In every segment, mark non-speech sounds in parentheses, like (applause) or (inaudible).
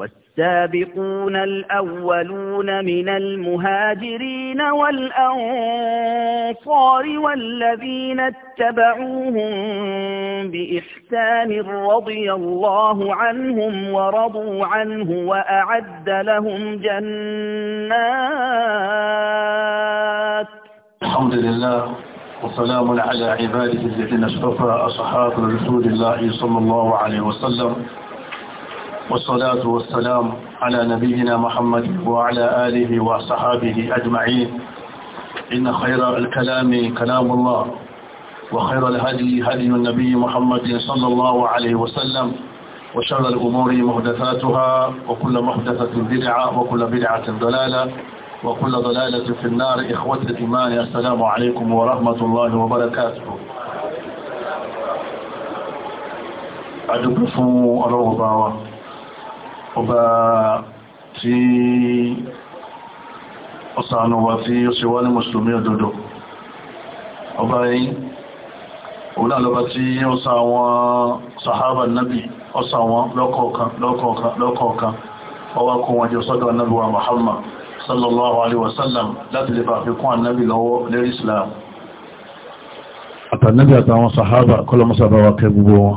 والسابقون الأولون من المهاجرين والأنصار والذين اتبعوهم بإحسان رضي الله عنهم ورضوا عنه وأعد لهم جنات الحمد لله وسلام على عباده الذين اصطفى أصحاب رسول الله صلى الله عليه وسلم والصلاة والسلام على نبينا محمد وعلى آله وصحابه أجمعين إن خير الكلام كلام الله وخير الهدي هدي النبي محمد صلى الله عليه وسلم وشر الأمور محدثاتها وكل محدثة بدعة وكل بدعة ضلالة وكل ضلالة في النار إخوة الإيمان السلام عليكم ورحمة الله وبركاته أدب فو الله ọba tí ọ̀sánà wà tí ó ṣe wá ní mùsùlùmí òdodo ọba yìí òun àlọ́bà tí ó sa àwọn sahaba nabi ọsà wọn lọ́kọ̀ọ̀kan lọ́kọ̀ọ̀kan lọ́kọ̀ọ̀kan ọwá kún wọn jẹ́ sọ́dọ̀ nabi wa Muhammad sallallahu alaihi wasallam láti lè bá fi kún annabi lọ́wọ́ lérí islam àtànàbí àtàwọn sahaba kọlọmọsàbáwà kẹ wọn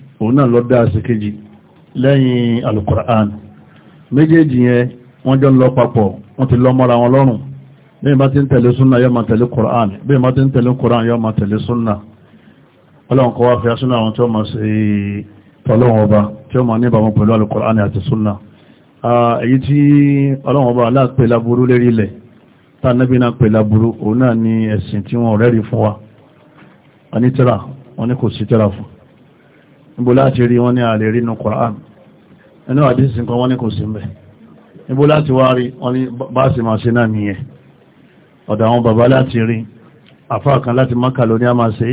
òun náà lọ dá sí kejì lẹ́yìn alukur'an méjèèjì yẹn wọ́n jọ ń lọ papọ̀ wọ́n ti wọn lọ́rùn bí ma ti ń tẹ̀lé ma tẹ̀lé kur'an bí ma ti ń tẹ̀lé kur'an yọ ma tẹ̀lé súnà ọlọ́run kọ́ fi asúnà tí ó ma ṣe tọ́lọ́wọ́n ọba tí ó ma ní ìbámu pẹ̀lú alukur'an àti súnà èyí tí ọlọ́run ọba aláàpẹ̀ a nábì náà pẹ̀ ni níbo láti rí wọ́n ní àlè rí nù Qur'an ẹnu àdísì nǹkan wọ́n ní kò sí mẹ́ níbo láti wá rí wọ́n ní bá sì máa ṣe náà nìyẹn ọ̀dọ̀ àwọn bàbá láti rí àfáà kan láti Mákà ló ní a máa ṣe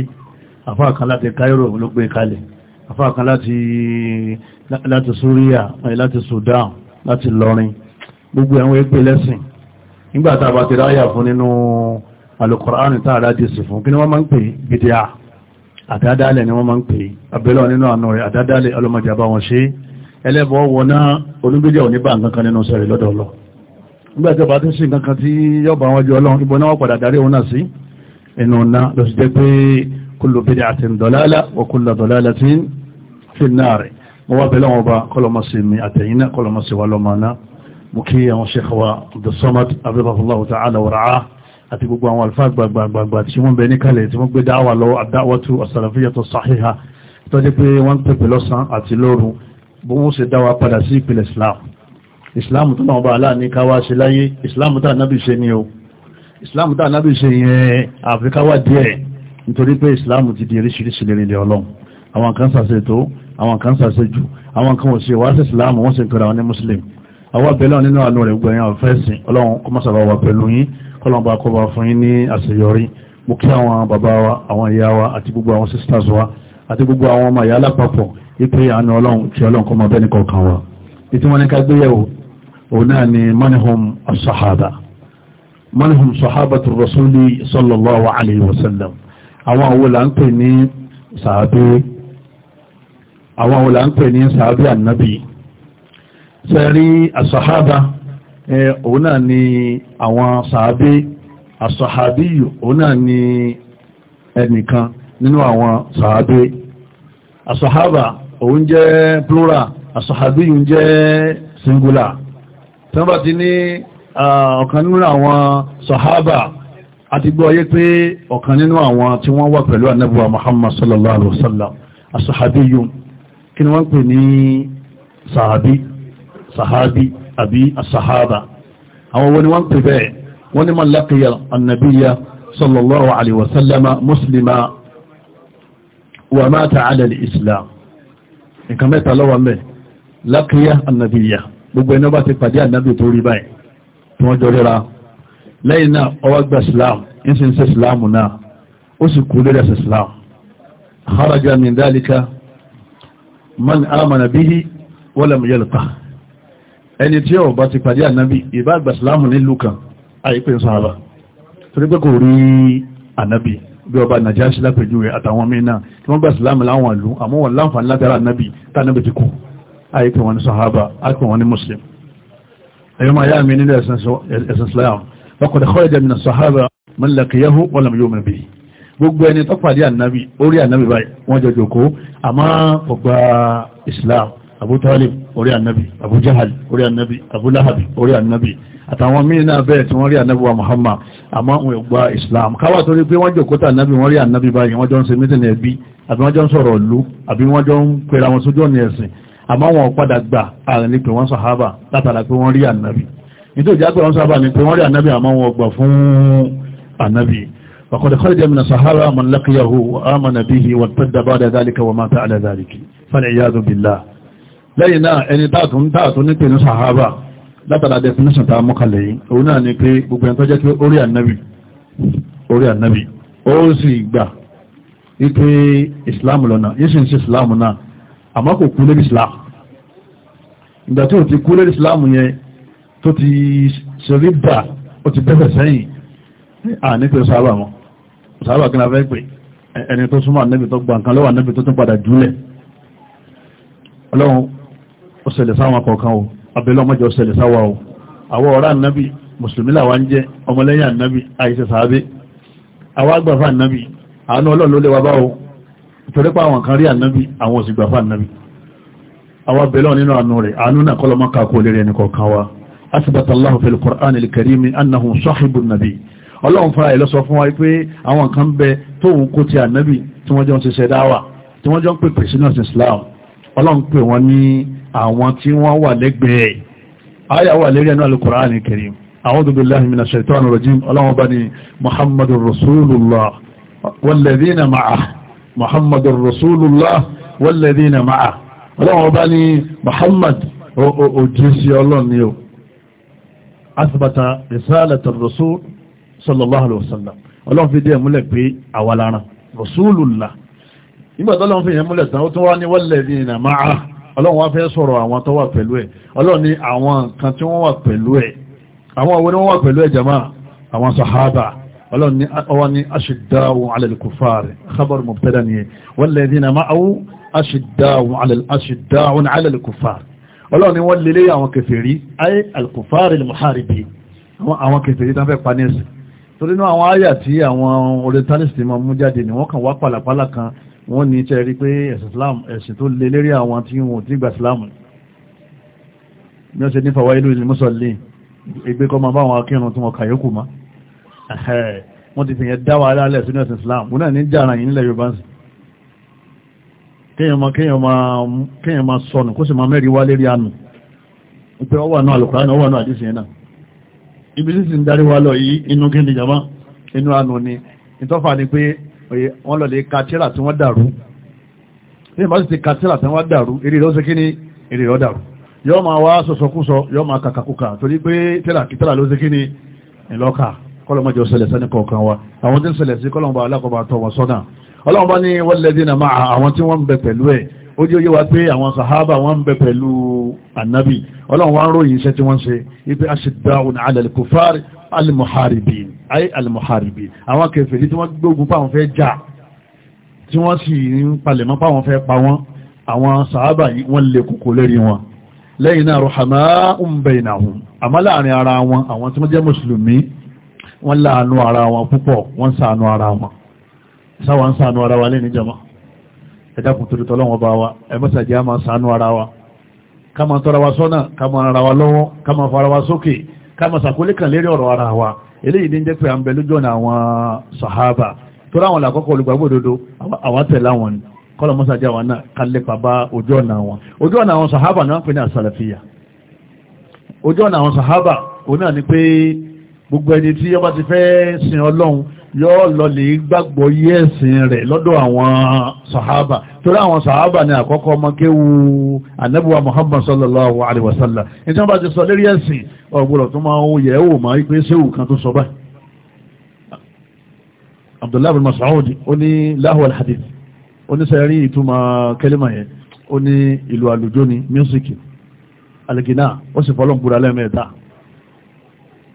àfáà kan láti Cairo ló gbé kalẹ̀ àfáà kan láti láti Súríà eh, láti Sudan láti lọrin gbogbo ẹ̀wọ̀n ẹgbẹ́ lẹ́sìn nígbàtà bá ti ráyà fún nínú Al-Qur'an tààrà jésì fún kí ni wọ́n máa ń pè bídíà àdádálẹ̀ ni wọ́n máa ń pè abẹ́lọ́ nínú àánú rẹ̀ àdádálẹ̀ ọlọ́mọjàbá wọn ṣe ẹlẹ́bọ̀ wọná onígbéjẹ̀ òní bá nǹkan kan nínú sẹ̀rẹ̀ lọ́dọ̀ lọ nígbà tí ọba tó ṣe nǹkan kan tí yọba wọn jọ ọlọ́run ibo náà padà darí òun náà sí inú ọ̀nà lọ sí jẹ́ pé kullu bid'atin dalala wa kullu dalalatin fin nar àti gbogbo àwọn alfa gbàgbàgbà tí wọ́n bẹ ní kalẹ̀ tí wọ́n gbé dáwà lọ àdáwọ́tú as-salafiyyatu sahiha tó jẹ́ pé wọ́n ń pèpè lọ́sàn àti lóru bó wọ́n ṣe dáwà padà sí ìpìlẹ̀ islam islam tó náà bá aláàní káwá ṣe láyé islam tá nábì ṣe islam tá nábì ṣe yẹn àfikáwá díẹ̀ islam ti di eríṣiríṣi lè rìnlẹ̀ ọlọ́run àwọn kan ṣàṣe tó àwọn islam wọ́n sì ń pẹ̀lú àwọn ní muslim àwọn abẹ́lẹ́ nínú àánú rẹ̀ gbẹ̀yàn fẹ́sìn ọlọ́run kọ́lọ̀mbà kọba fún yín ní àṣeyọrí mo kí àwọn bàbá wa àwọn ìyá wa àti gbogbo àwọn sisters wa àti gbogbo àwọn ọmọ ìyá alápapọ̀ ipe àánú ọlọ́run tí ọlọ́run kọ́ mọ bẹ́ẹ̀ nìkan kan wa ìtí wọn ní ká gbéyẹ̀wò òun náà ni manihum asahaba manihum sahabatu rasuli sallallahu alayhi wa sallam àwọn àwọn là ń pè ní sàábé àwọn àwọn là ń pè ní sàábé òun náà ni àwọn sàábé àsàhábíyù òun náà ni ẹnìkan nínú àwọn sàábé àsàhábà òun jẹ́ plural àsàhábíyù jẹ́ singular tí wọ́n bá ti ní ọ̀kan nínú àwọn sàhábà àti gbọ́ ayé pé ọ̀kan nínú àwọn tí wọ́n wà pẹ̀lú anábùwà Muhammad sallallahu alaihi wasallam àsàhábíyù kí ni wọ́n pè ní sàábí sahabi àbí asahaba àwọn wọn ni wọ́n pè bẹ́ẹ̀ wọ́n ni man laqiya annabiya sallallahu alaihi wasallama muslima wa mata ala al-islam nǹkan mẹ́ta lọ́wọ́ mẹ́ laqiya annabiya gbogbo ẹni bá ti pàdé annabi tó rí báyìí tí wọ́n jọ ríra lẹ́yìn náà ọwọ́ gba islam ń sin sí islam náà ó sì kú lórí ẹ̀sẹ̀ islam kharaja min dhalika man amana bihi wa lam yalqa ẹni tí ó bá ti pàdé ànábì ìbá àgbàsílámù nílùú kan àyípẹ́ sàhábà torí pé kò rí ànábì bí ọba nàìjíríà lápẹjúwe àtàwọn mìíràn tí wọ́n gbà sílámù láwọn ìlú àmọ́ wọn láǹfààní látara ànábì tánàbì ti kú àyípẹ́ wọn ní sàhábà àyípẹ́ wọn ní muslim ẹ̀yọ́ máa yá mi nílẹ̀ ẹ̀sìn islam lọ́kọ̀dẹ̀ kọ́lẹ̀dẹ̀ mi sàhábà man laqiyahu wa Abu Talib orí ànábì Abu Jahal orí ànábì Abu Lahab orí ànábì àtàwọn míì náà bẹ́ẹ̀ tí wọ́n rí ànábì wa Muhammad àmọ́ wọn gba Islam káwà torí pé wọ́n jòkóta ànábì wọ́n rí ànábì báyìí wọ́n jọ ń ṣe mítìnì ẹbí àbí wọ́n jọ ń sọ̀rọ̀ ìlú àbí wọ́n jọ ń pera wọn sójú ọ̀nà ẹ̀sìn àmọ́ wọn padà gbà àrùn ní pé خرج من الصحابة من لقيه وآمن به وارتد بعد ذلك وما فعل ذلك فالعياذ بالله lẹ́yìn náà ẹni táàtún táàtún ní pẹ̀lú sàhábà látara definition ta mọ́kànlẹ̀ yìí òun náà ni pé gbogbo ẹni tó jẹ́ pé orí ànábì orí ànábì ó sì gbà wípé islam lọ́nà yìí sì ń sí islam náà àmọ́ kò kú lórí islam ìgbà tí ò ti kú lórí islam yẹn tó ti ṣerí bà ó ti bẹ́fẹ̀ sẹ́yìn à ní pẹ̀lú sàhábà wọn sàhábà kí n fẹ́ pè ẹni tó súnmọ́ ànábì tó gba nǹkan lọ́wọ́ ànábì tó tún padà jùlẹ̀ ọlọ́run ó ṣẹlẹ̀ sáwọn kọ̀ọ̀kan o abẹ́lẹ́ ọmọjọ́ ó ṣẹlẹ̀ sáwà o àwọ̀ ọ̀rá ànábì mùsùlùmí làwa ń jẹ́ ọmọlẹ́yìn ànábì àìṣẹ́ sàábé àwa àgbàfà ànábì àánú ọlọ́run ló lé wa bá o torí pé àwọn allahu fil qur'an al karim annahu nabi ọlọ́run fara ìlọ́sọ fún wa pé àwọn kan bẹ tóun kó ti ànábì tí wọ́n jọ ń ṣiṣẹ́ dáwà tí wọ́n jọ ń pè pèsè náà sí islam ọlọ́run pè wọ́n ní àwọn tí wọ́n wà lẹ́gbẹ̀ẹ́ ayà wà lẹ́rí ẹnu al-Qur'an al-Karim a'udhu billahi minash shaitanir rajim ọlọ́wọ́n bá ní muhammadur rasulullah walladhina ma'ah muhammadur rasulullah walladhina ma'ah ọlọ́wọ́n bá ní muhammad òjísí ọlọ́ni o rasulullah nígbàtọ́lọ́wọ́n fi yẹn múlẹ̀ ní walladhina ma'ah ọlọ́run wá fẹ́ sọ̀rọ̀ àwọn tó wà pẹ̀lú ẹ̀ ọlọ́run ní àwọn nǹkan tí wọ́n wà pẹ̀lú ẹ̀ àwọn àwọn wọ́n wà pẹ̀lú ẹ̀ jama àwọn sahaba ọlọ́run ní ọwọ́ ní aṣìdáwò alẹ́lẹ́kùfààrẹ̀ khabar mubtada nìyẹn wal ladhina ọlọ́run ní wọ́n lélẹ́ àwọn kèfèrí ay alkùfààrẹ̀ muharibi wọ́n ní tẹ́ rí pé ẹ̀sìn Islam ẹ̀sìn tó lè lérí àwọn tí wọ́n ti gba Islam ní ọ̀sẹ̀ ní fàwọ́ ìlú ìlúmọ́sọ̀lẹ́ ìgbé kọ́ ma bá àwọn akírun tí wọ́n kàyókù ma wọ́n ti fìyẹn dá wàhálà alẹ́ sínú ẹ̀sìn Islam wọ́n náà ní jàrà yìí nílẹ̀ Yorùbá sí kéèyàn ma sọnù kó sì ma mẹ́rin wá lérí àánú pé ó wa lọ yìí inú kí ni jama inú àánú ni ìtọ́fà ni wọ́n lọ lè ka tíra tí wọ́n dàrú ní ìbá sì ti ka tíra tí wọ́n dàrú eré rẹ̀ ó ṣe kí ni eré rẹ̀ ó dàrú yọ́ máa wá sọ̀sọ̀kúsọ yọ́ máa kàkàkùkà torí pé tíra kí tíra ló ṣe kí ni ìlọ́ka kọ́lọ́mọjọ ṣẹlẹ̀ wa àwọn tí ń ṣẹlẹ̀ sí kọ́lọ́mọba alákọ̀ọ́ba tọ̀ wọ́n sọ́nà ní walladhina ma'a àwọn tí wọ́n ń bẹ pẹ̀lú ẹ̀ ó jẹ́ yíwa pé àwọn sàhábà wọ́n ń bẹ pẹ̀lú ànábì ọlọ́run ń ròyìn iṣẹ́ tí wọ́n ṣe wípé aṣìdáhùn ala al-kufar alimuharibin ayé alimuharibin àwọn kèfèrí tí wọ́n gbógun páwọn fẹ́ jà tí wọ́n sì ń palẹ̀mọ́ páwọn fẹ́ pa wọ́n àwọn sàábà yìí wọ́n lè kòkó lérí wọn lẹ́yìn náà rọ̀hàmá ń bẹ̀ ìnàhùn àmọ́ láàrin ara wọn àwọn tí wọ́n jẹ́ mùsùlùmí wọ́n láàánú ara wọn púpọ̀ wọ́n ṣàánú ara wọn sáwà ń ṣàánú ara wa lẹ́ni jama ẹ̀dàkùn tó dìtọ́ lọ́wọ́ bá wa ẹ̀mọ́sàjẹ́ a máa ṣàánú ara wa ká máa wa sọ́nà ká ara wa lọ́wọ́ ká fara wa sókè Kama sàkólé kan lérí ọ̀rọ̀ ara wa eléyìí ní jẹ́ pé à ń bẹ lójú ọ̀nà àwọn sàhábà tó ráwọn làkọ́kọ́ olùgbàgbọ́ òdodo àwọn tẹ̀lá wọn ni kọ́lọ̀ mọ́sá jẹ́ àwọn náà kálẹ̀ bàbá ojú ọ̀nà wọn ojú ọ̀nà àwọn sàhábà ni wọ́n pè ní àsàlàfíà ojú ọ̀nà àwọn sàhábà òun ni pé gbogbo ẹni tí ó ti fẹ́ sin ọlọ́run yóò lọlẹ̀ gbàgbọ́ yé ẹ̀sìn rẹ̀ lọ́dọ̀ àwọn sàhábà torí àwọn sàhábà ni àkọ́kọ́ ọmọkéwu anábùwà Muhammad sallallahu alaihi wasallam ní tí wọ́n bá ti sọ lérí ẹ̀sìn ọgbọ̀rọ̀ tó máa ń yẹ̀ wò máa pé séwù kan tó sọ báyìí Abdullahi bin Mas'ud ó ní lahu al-hadith ó ní sẹ́rí ìtumọ̀ tó ń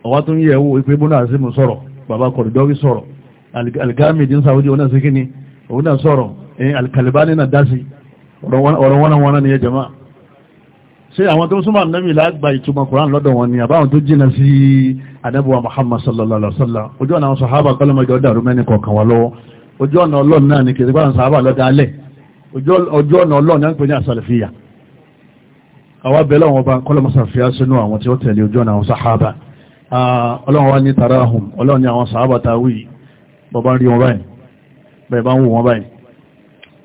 yẹ̀ wò àti mú bàbá kọ̀rọ̀dọ́rí sọ̀rọ̀ aligami dín sáwọ́dí ọ̀nà sí kíni òun náà sọ̀rọ̀ eh, alikalibani na dásí ọ̀rọ̀ wọn wọn ni ẹ jama ṣe àwọn tó súnmọ́ ànábì lágbà ìtumọ̀ koran lọ́dọ̀ wọn ni àbáwọn tó jìnà sí anábùwà muhammad sallallahu alaihi wasallam ojú ọ̀nà àwọn sàhábà kọ́lọ́mọjọ́ dàrú mẹ́ni kọ̀ọ̀kan wà lọ́wọ́ ojú ọ̀nà ni kìí bá àwọn sàhábà lọ́dọ̀ alẹ́ ojú ọ̀nà ọlọ́run náà ń pè ní àsàlẹ̀fíyà àwọn abẹ́lẹ́ àwọn ọba kọ́lọ́mọsàfíà sínú àwọn Ah, ọlọ́run wá ní tarahum ọlọ́run ní àwọn sàábàtà wí bọ́bá rí wọn báyìí bẹ̀ẹ̀ bá ń wò wọn báyìí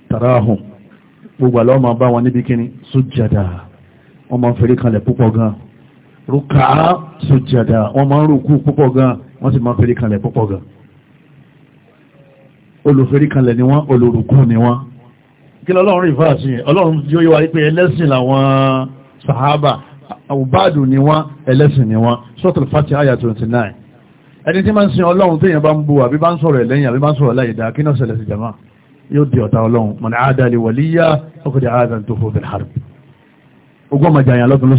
tarahum gbogbo àlọ́ ma bá wọn níbi kíní sójàdà wọ́n ma ń fèrè kalẹ̀ púpọ̀ gan rúkà sójàdà wọ́n ma ń rúkú púpọ̀ gan wọ́n sì ma ń fèrè kalẹ̀ púpọ̀ gan olùfèrè kalẹ̀ ni wọ́n olùrùkú ni wọ́n kí lọ́lọ́run rí fáàsì ọlọ́run yóò yọ wá ẹlẹ́sìn làwọn sàhábà àwùbáàdù ni wọ́n ẹlẹ́sìn ni wọ́n sọ́tò fati aya twenty nine ẹni tí máa ń sin ọlọ́run téèyàn bá ń bu àbí bá ń sọ̀rọ̀ ẹ̀lẹ́yìn àbí bá ń sọ̀rọ̀ láyé dáa kí náà ṣẹlẹ̀ sí jama yóò di ọ̀tá ọlọ́run mọ̀nà àádáa lè wàlíyá ọkọ̀dẹ̀ àádáa tó fòfin harb ogún ọmọ jàyàn lọ́tún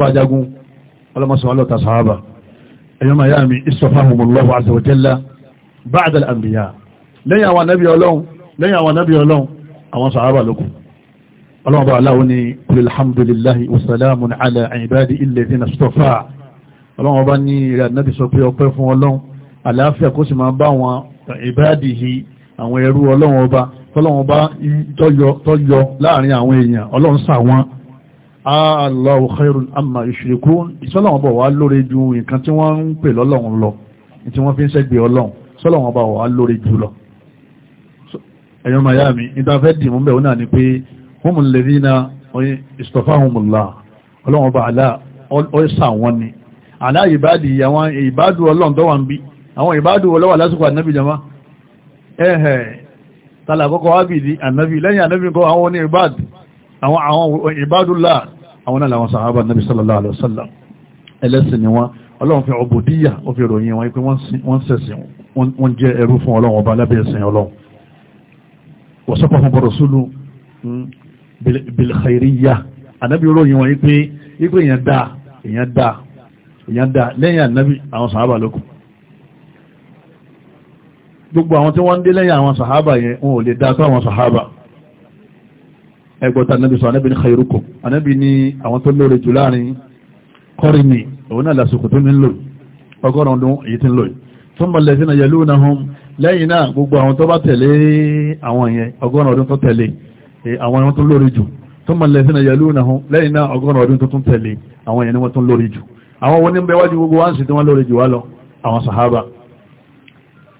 lọ́sìn ọlọ́mọsán ọlọ́ta sàábà ẹ̀yọ́ máa yá mi ìsọfáhùnmùlọ́wọ́ àtẹ̀wọ̀tẹ́lá báàdàl àmbìyà lẹ́yìn àwọn anábì ọlọ́run lẹ́yìn àwọn anábì ọlọ́run àwọn sàábà lókù ọlọ́run bá aláwọ̀ ní alhamdulillahi wasalamu ala ibadi alladhina istafa ọlọ́run bá ní Allahu khairun amma yushrikun ìsọ́lọ̀wọ̀n bọ̀ lórí ju nǹkan tí wọ́n ń pè lọ́lọ́run lọ tí wọ́n fi ń sẹ́gbẹ̀ ọlọ́run sọ́lọ̀wọ̀n bọ̀ wá lórí jù lọ ẹ̀yọ́ miami ìdáfẹ́ dìmú bẹ̀ ó náà ni pé humul ladhina istafahumullah ọlọ́run bá àwọn àwọn ìbádùlá àwọn náà àwọn sàhábà nàbí sallallahu alaihi wasallam ẹlẹ́sìn ni wọ́n ọlọ́run fi ọbùdíyà ó fi ròyìn wọn pé wọ́n sẹ̀sìn wọ́n jẹ́ ẹrú fún ọlọ́run ọba lábẹ́ ẹ̀sìn ọlọ́run wọ́sọ́pọ̀ fún bọ̀rọ̀súlù hmm, bilkhairiyya anábì ròyìn wọn pé ipé èèyàn dá èèyàn dá èèyàn dá lẹ́yìn anábì gbogbo àwọn tí wọ́n dé lẹ́yìn àwọn sàhábà yẹn wọn ò lè dá tó àwọn sàhábà ẹgbọ́ta anábì sọ anábì ní khairukum anábì ní àwọn tó lóore jù láàrin kọ́rin ni òun náà lásìkò tó ní lò ọgọ́rùn ọdún èyí tí ń lò thumma allazina yalunahum lẹ́yìn náà gbogbo àwọn tó bá tẹ̀lé àwọn yẹn ọgọ́rùn ọdún tó tẹ̀lé eh, àwọn yẹn tó lóore jù thumma allazina yalunahum lẹ́yìn náà ọgọ́rùn ọdún tó tún tẹ̀lé àwọn yẹn ni wọ́n tún lóore jù àwọn wọn ní bẹ́wájú gbogbo wá ń sì tí wọ́n lóore jù wá lọ àwọn sàhábà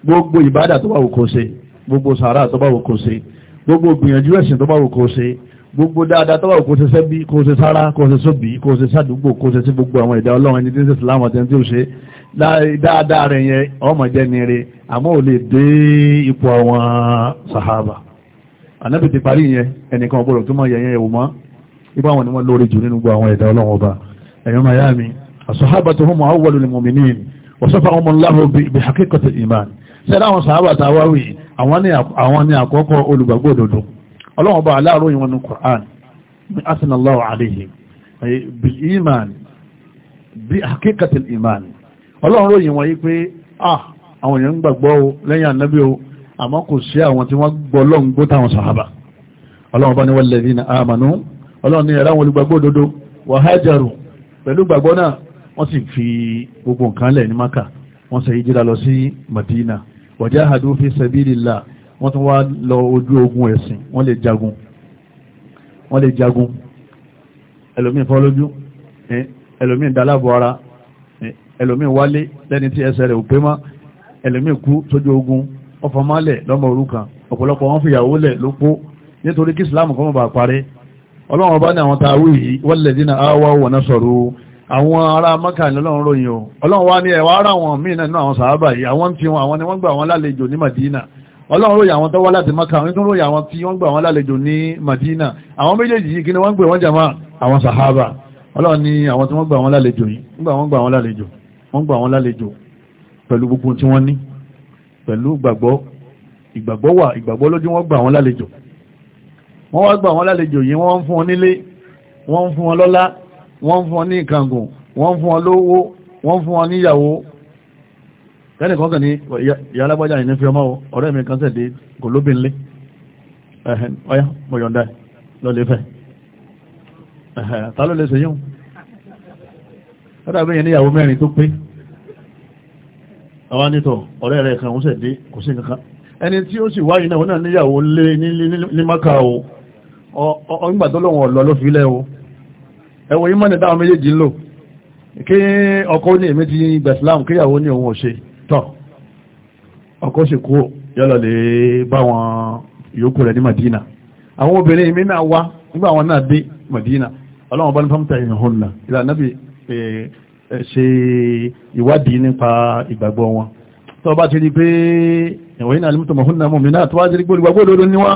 gbogbo ìbádà tó bá wù kó ṣe gbogbo sàárà tó bá wù kó ṣe gbogbo gbìyànjú ẹ̀sìn tó bá wù kó ṣe gbogbo dáadáa tó wà kò ṣe sẹ́bí kò ṣe sára kò ṣe sóbì kò ṣe sádùúgbò kò ṣe sí gbogbo àwọn ìdá ọlọ́run ẹni tí ń ṣe sàlámù àti ẹni ṣe dáadáa rẹ̀ yẹn ọmọ jẹ́ nire àmọ́ ò lè dé ipò àwọn sàhábà ànábì ti parí yẹn ẹnìkan ọgbọ́dọ̀ tó mọ̀ yẹn yẹn wò ipò àwọn ni wọ́n lórí jù nínú gbogbo àwọn ìdá ọlọ́run ọba ẹ̀yọ́ ọlọ́wọ́n bá aláàrò ìwọ̀n ní Qur'an ní asinallahu alayhi bil iman bí hakikatil iman ọlọ́run ròyìn wọ́n yí pé ah àwọn èèyàn ń gbàgbọ́ o lẹ́yìn ànábì o àmọ́ kò sí àwọn tí wọ́n gbọ́ lọ́n gbó táwọn sàhábà ọlọ́run bá ní walladhina amanu ọlọ́run ní ẹ̀rá wọn olùgbàgbọ́ òdodo wa wọ́n sì wọ́n tún wá lọ ojú ogun ẹ̀sìn wọ́n lè jagun wọ́n lè jagun ẹlòmíì fọ́ lójú ẹlòmíì dálábọ̀ ara ẹlòmíì wálé lẹ́ni tí ẹsẹ̀ rẹ̀ ò pé má ẹlòmíì kú sójú ogun ọfọmálẹ̀ lọ́mọ òrukàn ọ̀pọ̀lọpọ̀ wọn fìyàwó lẹ̀ ló pó nítorí kí islam kọ́mọ̀ bà parẹ́ ọlọ́run ọba ní àwọn ta awí yìí walladhina awaw wa nasaru àwọn ará mọ́kà ní ọlọ́run ròyìn o ọlọ́run wá ní ẹ̀wà ara ni madina ọlọ́run ròyìn àwọn tó wá láti maka àwọn tó ròyìn àwọn tí wọ́n gbà wọ́n lálejò ní madina àwọn méjèèjì yìí kí ni wọ́n gbà wọ́n jàmá àwọn sahaba ọlọ́run ni àwọn tí wọ́n gbà wọ́n lálejò yìí gbà wọ́n gbà wọ́n lálejò wọ́n gbà wọ́n lálejò pẹ̀lú gbogbo tí wọ́n ní pẹ̀lú ìgbàgbọ́ ìgbàgbọ́ wà ìgbàgbọ́ lójú wọ́n gbà wọ́n lálejò wọ́n wá gbà wọ́n lálejò yìí wọ́n fún wọn nílé wọ́n fún wọn lọ́lá wọ́n fún wọn ní ìkàngùn wọ́n fún wọn lówó wọ́n fún wọn níyàwó tẹ́lẹ̀ kan kàn ní ìyá alágbájá yìí ní fi ọmọ ọ̀rẹ́ mi kan sẹ̀dé kò lóbi ńlé ọ̀yá mo yọ̀ǹda lọ́lẹ̀ fẹ́ ta ló lè ṣe yíwọ̀n ó dàbí yẹn níyàwó mẹ́rin tó pé àwọn nítọ̀ ọ̀rẹ́ rẹ̀ kan ń sẹ̀dé kò sí nǹkan ẹni tí ó sì wáyé náà náà níyàwó lé ní maka o ọgbà tó lọ́wọ́ ọ̀lọ́ ló fi o ẹ̀wọ̀ yìí mọ́ ni táwọn méjèèjì ń lò kí ọkọ ní èmi ti gbẹ̀sìláàmù kíyàwó ní tọ́ ọkọ̀ sì kú yọ́lọ̀ lè bá wọn yòókù rẹ̀ ní Madina àwọn obìnrin mi náà wá nígbà wọn náà dé Madina ọlọ́wọ́n bá ní fọ́nmùtà ìhùn náà ìlànà nábì ṣe ìwádìí nípa ìgbàgbọ́ wọn tó bá ti rí pé ìwọ̀n yìí náà lè tọmọ̀ húnnà mọ̀mí náà tó wá jírí gbogbo gbogbo lórí níwá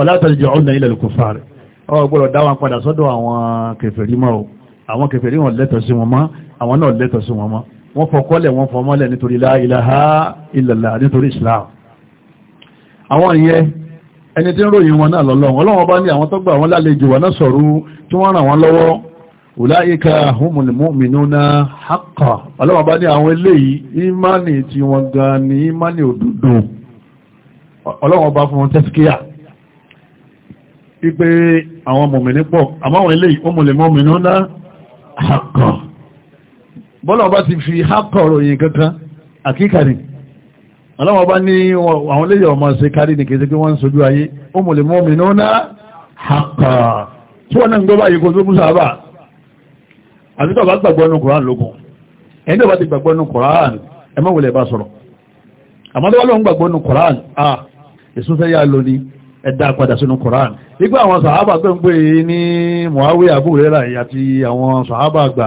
ọ̀látàlẹ̀jẹ̀ ọ̀nà ilẹ̀ lùkùfà rẹ̀ ó gbọ́dọ̀ dá wọn padà sọ́dọ̀ àwọn kèfèrí mọ́ sí wọn mọ́ àwọn náà lẹ́tọ̀ sí wọn mọ́ wọ́n fọkọ́lẹ̀ wọ́n fọmọ́lẹ̀ nítorí la ilaha illallah nítorí islam àwọn ìyẹ́ ẹni tí ń ròyìn wọn náà lọ́lọ́wọ́ ọlọ́wọ́ bá ní àwọn tó gbà wọn lálejò wọn náà sọ̀rọ̀ tí wọ́n ràn wọ́n lọ́wọ́ ulaika humul mu'minuna haqqan bọ́lá ọba ti fi hákọ̀ ròyìn kankan àkíkà ni ọlọ́wọ́ bá ní àwọn léyà ọmọ ṣe kárí ní kéde pé wọ́n ń sojú ayé ó mọ̀lẹ̀ mọ́ mi náà hákà tí wọ́n náà ń gbọ́bá yìí kò tó kú sábà àti tó bá gbàgbọ́ nù kùrán lókun ẹni tó bá ti gbàgbọ́ nù kùrán ẹ mọ̀ wọlé bá sọ̀rọ̀ àmọ́ tó bá lọ́n gbàgbọ́ nù kùrán à èso fẹ́ yá lóní ẹ̀dá padà sínú Koran nígbà àwọn sàhábà gbẹ̀ngbẹ̀ ní Muawiya Abu Hurairah àti àwọn sàhábà àgbà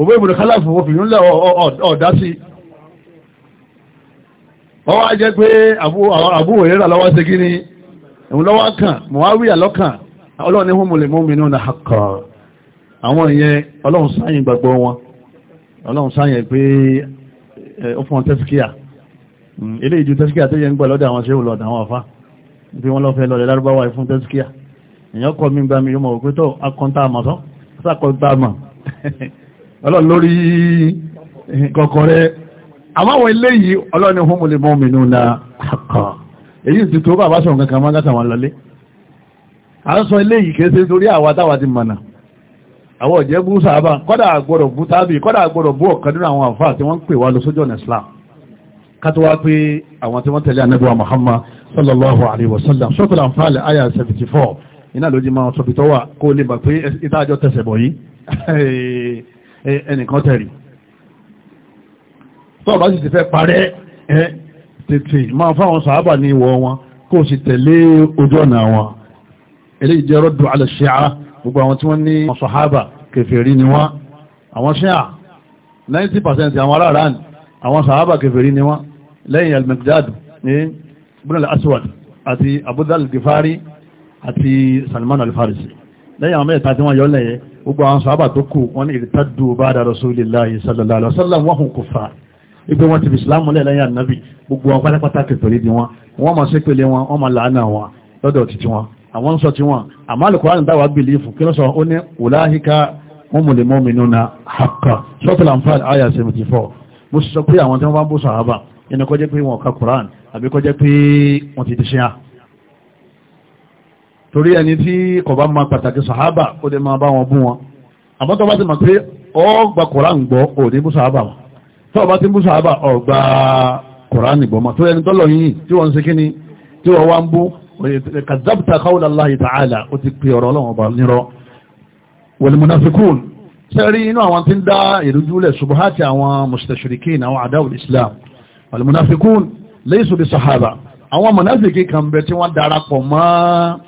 òwe ìbùdó kálàfù òfin ńlẹ̀ ọ̀dá sí ọwọ́ á jẹ́ pé Abu Huraira lọ́wọ́ ṣe kí ni òun lọ́wọ́ kàn Muawiya lọ́kàn ọlọ́run ní humul mu'minuna haqqan àwọn ìyẹn ọlọ́run sáyìn gbàgbọ́ wọn ọlọ́run sáyìn pé ó fún tẹ́síkíà ilé hmm, ìjú tẹ́síkíà tó yẹ ń gbà lọ́dọ̀ àwọn ṣe òlọ́dọ̀ àwọn àfá bí wọ́n lọ́fẹ́ lọ́dẹ̀ lárúbáwà fún tẹ́síkíà èyàn kọ́ mi gbà mi yóò mọ̀ òkútó akọ́ntà àmọ́sán sákọ̀ gbà mọ̀ (laughs) ọlọ́run lórí kọ̀kọ̀ rẹ̀ àwọn àwọn eléyìí ọlọ́run ni humul mu'minuna haqqan èyí ti tó bàbá sọ̀rọ̀ kankan máa ń gàtà wọn lọlé a ń sọ eléyìí kìí ṣe torí àwa táwa ti mọ̀nà àwọn ọ̀jẹ́ bú sábà kọ́dà àgbọ̀dọ̀ bú tábì kọ́dà àgbọ̀dọ̀ bú ọ̀kan Islam kátó wá pé àwọn tí Muhammad sallallahu alaihi wasallam sọ́kùnrin àǹfààní àyà 74 iná lójú máa sọ fi tọ́wà kó lè bà pé ìdájọ́ (laughs) ẹnìkan tẹ̀rí tó ọba sì ti fẹ́ parẹ́ ẹ tètè máa fáwọn sàábà ní ìwọ̀ wọn kó o sì tẹ̀lé ojú ọ̀nà wọn eléyìí jẹ́ rọ́dù alẹ́ṣẹ́á gbogbo àwọn tí wọ́n ní sàábà kèfèrí ni wọ́n àwọn ṣẹ́à 90% àwọn ará rán àwọn sàábà kèfèrí ni wọ́n lẹ́yìn al-Miqdad ní bùnà aswad àti Abu Dhal al-Ghifari àti Salman al-Farisi lẹ́yìn àwọn mẹ́ta tí wọ́n yọ lẹ́yìn gbogbo àwọn sọ́ábà tó kù wọ́n ní ìrìtàdù bá dára sórí láàyè sallallahu alaihi wasallam wọ́n hùn kò fà ipe wọn ti fi ìsìláàmù lẹ̀ lẹ́yìn ànábì gbogbo wọn pátápátá kẹfẹ́rẹ́ di wọn wọ́n máa ṣe pẹ̀lẹ́ wọn wọ́n máa làánà wọn lọ́dọ̀ ti tiwọn àwọn ń sọ tiwọn àmọ́ Al-Qur'an dáwà bìlífù kí ló tí wọn kà Qur'an torí ẹni tí kò bá máa pàtàkì sàhábà ó lè máa bá wọn bú wọn àmọ́ tó bá ti mọ̀ pé ọ gba koran gbọ́ ò ní bú sàhábà wọn tó bá ti bú sàhábà ọ gba koran gbọ́ mọ̀ torí ẹni tó lọ yìí tí wọ́n ń ṣe kíni tí wọ́n wá ń bú kazabta qawla Allahi ta'ala ó ti pe ọ̀rọ̀ ọlọ́wọ́n nírọ́ wal munafikun sẹ́rí inú àwọn tí ń dá ìrújúlẹ̀ ṣubuhati àwọn mustashrikin àwọn adáwò islam wal munafikun laysu bi sàhábà àwọn munafiki kan bẹ tí wọ́n darapọ̀ mọ́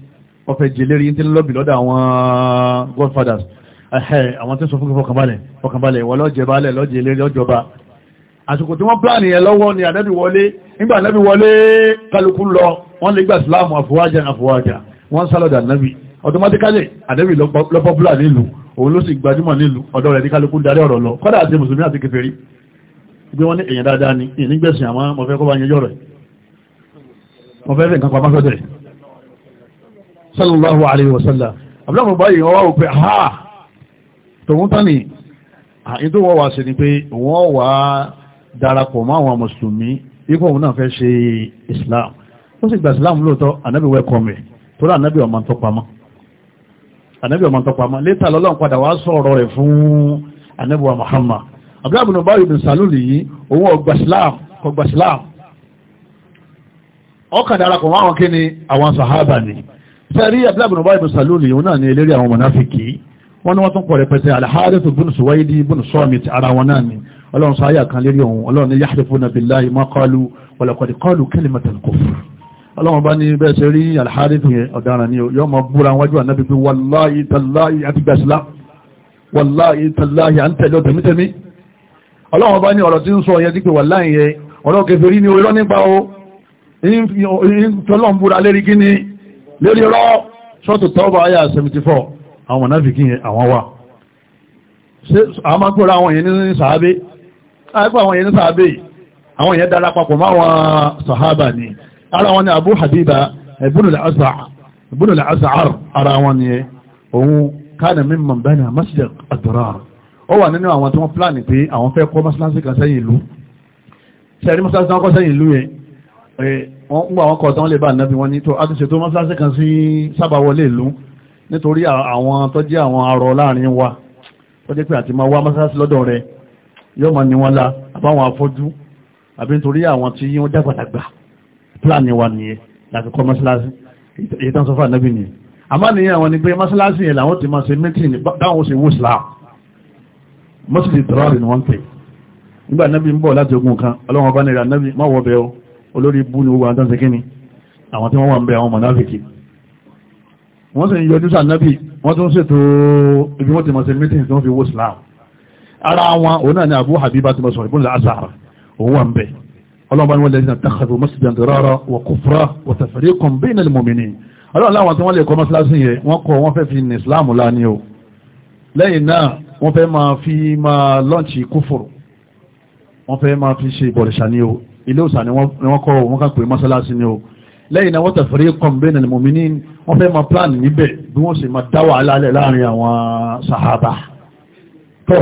ọfẹ́ jẹlẹ́rí tí lọ́bì lọ́dọ̀ àwọn godfathers ẹ̀hẹ́ àwọn tí sọ fún fọkànbalẹ̀ fọkànbalẹ̀ wọ́n lọ́jẹ̀ balẹ̀ lọ́jẹ̀ lérí ọjọba àsìkò tí wọ́n pláàni ẹ̀ lọ́wọ́ ni ànábì wọlé nígbà ànábì wọlé kálukú lọ wọ́n lè gbà síláàmù àfọwájà àfọwájà wọ́n sálọ̀dà ànábì automatically ànábì lọ́pọ́pùlà nílùú òun ló sì gbajúmọ̀ nílùú ọ̀dọ̀ rẹ̀ ní kálukú darí ọ̀rọ̀ lọ kọ́dà àti mùsùlùmí àti kèfèrí bí wọ́n ní èèyàn dáadáa ni ìnígbẹ̀sìn àmọ́ mo fẹ́ kọ́ bá yẹjọ́ rẹ̀ mo fẹ́ fẹ́ nǹkan pamọ́ sọ́dọ̀ rẹ̀ sallallahu alayhi wa sallam abúlọ́pọ̀ báyìí wọ́n wá wò pé ha tòun tánì àyíntó wọ́n wá sí ni pe wọ́n wá darapọ̀ mọ́ àwọn mùsùlùmí ipò òun náà fẹ́ ṣe islam ó sì gba islam lóòótọ́ ànábì wẹ́kọ̀mẹ̀ tó rà ànábì ọmọ tó pamọ́ ànábì ọmọ tó pamọ́ létà lọ́lọ́run padà wá sọ̀rọ̀ rẹ̀ fún ànábì wa muhammad abúlọ́pọ̀ bùnú báyìí bin salul yìí òun ọgbà islam kọgbà islam ọkàn darapọ̀ mọ́ àwọn kíni ni sẹ́rí abúlábùnú báyìí sàlóòlì òun náà ni eléré àwọn mọ̀náfíkì wọ́n ní wọ́n tún pọ̀ rẹpẹtẹ alhárẹ́tù bùnú sùwáyédí bùnú sọ́ọ̀mìtì ara wọn náà ni ọlọ́run sọ ayà kan lérí òun ọlọ́run ni yahrifuna billahi ma qalu wa laqad qalu kalimatal kufr ọlọ́run bá ní bẹ́ẹ̀ ṣe rí alhárẹ́tù yẹn ọ̀daràn ni yọ́ mọ búra wájú ànábi pé wàláyé tàláyé àti gbàsílá wàláyé tàláyé à ń tẹ̀lé tẹ̀mítẹ̀mí lórí rọ́ ṣọ́tù tọ́ọ̀bà ayà 74 àwọn mọ̀náfikí àwọn wà àwọn máa gbọ́ra àwọn èèyàn ní sàábé àìpọ̀ àwọn èèyàn ní sàábé àwọn èèyàn dára papọ̀ máwọn sàhábà ni ara wọn ni Abu Habiba ibn al ara wọn ni òun kana mimman bana masjid ad-Dirar ó wà nínú àwọn tí wọ́n pláàni pé àwọn fẹ́ kọ́ mọ́sálásí kan sẹ́yìn wọ́n gbà wọ́n kọ̀ tán lè bá ànábì wọn ní tó a ti ṣètò mọ́sálásí kan sí sábàwọlé ìlú nítorí àwọn tó jẹ́ àwọn arọ láàrin wa tó jẹ́ pé àti máa wá mọ́sálásí lọ́dọ̀ rẹ̀ yóò máa ní wọn la àbáwọn afọ́jú àbí nítorí àwọn tí wọ́n jágbàdàgbà pláàni wa nìyẹn láti kọ́ mọ́sálásí èyí tán sọ fún ànábì nìyẹn àmá nìyẹn àwọn ni pé mọ́sálásí yẹn làwọn ti máa ṣe mítìn dáwọn ṣe wúṣìlá mọ́sálásí tọ́rọ̀ rẹ̀ ni wọ́n pè nígbà ànábì ń bọ̀ láti ogun kan ọlọ́wọ́n bá nira ànábì má wọ bẹ́ẹ̀ olórí bú ní gbogbo àwọn tánṣe kíni àwọn tí wọ́n wà ń bẹ àwọn mọ̀náfíkì wọ́n sì ń yọjú sànábì wọ́n tún ṣètò ibi wọ́n ti mọ̀ sí mítìn tí wọ́n fi wó islam ara wọn òun náà ni Abu Habiba ti mọ̀ sọ̀rọ̀ ìbúnlẹ̀ azhar òun wà ń bẹ ọlọ́ọ̀bá ni wọ́n lẹ́yìn tàkàtù masjidan dirara wa kufra wa tafriqan bayna al-mu'minin ọlọ́run láwọn tí wọ́n lè kọ́ mọ́sílásí yẹn wọ́n kọ́ wọ́n fẹ́ fi ní islam láni o lẹ́yìn náà wọ́n fẹ́ máa fi máa lọ́ǹchì kúfùrù wọ́n fẹ́ máa fi ṣe ìbọ̀rìṣà ní o ilé òsà ni wọ́n kọ́ wọn kàn pé mọ́sálásí ni o lẹ́yìn náà wọ́n tẹ̀fẹ̀rẹ́ kọ̀m̀bẹ́nà ni mòmíní wọ́n fẹ́ máa plan níbẹ̀ bí wọ́n sì máa dá wàhálà lẹ̀ láàrin àwọn sàhábà tọ́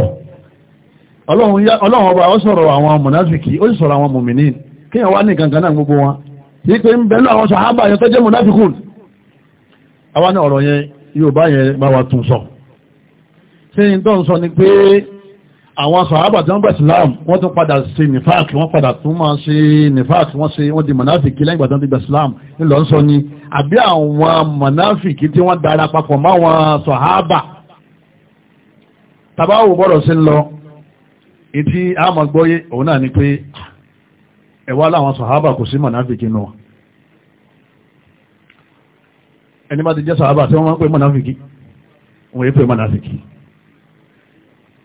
ọlọ́run ọba ó sọ̀rọ̀ àwọn mọ̀náfíkì ó sì sọ̀rọ̀ àwọn mòmíní kí wọ́n ní gangan náà gbogbo wọn ní pé ń bẹ̀lú àwọn sàhábà yẹn tó jẹ́ mọ̀náfíkùn àwọn ọ̀rọ̀ yẹn yóò bá yẹn àwọn sàhábà tí wọ́n gbà síláàmù wọ́n tún padà sí nífàkì wọ́n padà tún máa sí nífàkì wọ́n sí wọ́n di mọ̀náfìkì lẹ́yìn ìgbàtàn ti gbà síláàmù ńlọ ń sọ ni àbí àwọn mọ̀náfìkì tí wọ́n dara papọ̀ mọ́ àwọn sàhábà tàbáwò bọ́rọ̀ sí ń lọ ìtí àmọ́ gbọ́yé òun náà ni pé ẹ̀wá láwọn sàhábà kò sí mọ̀náfìkì nù ẹni bá ti jẹ́ sàhábà tí wọ́n máa ń pè mọ̀náfìkì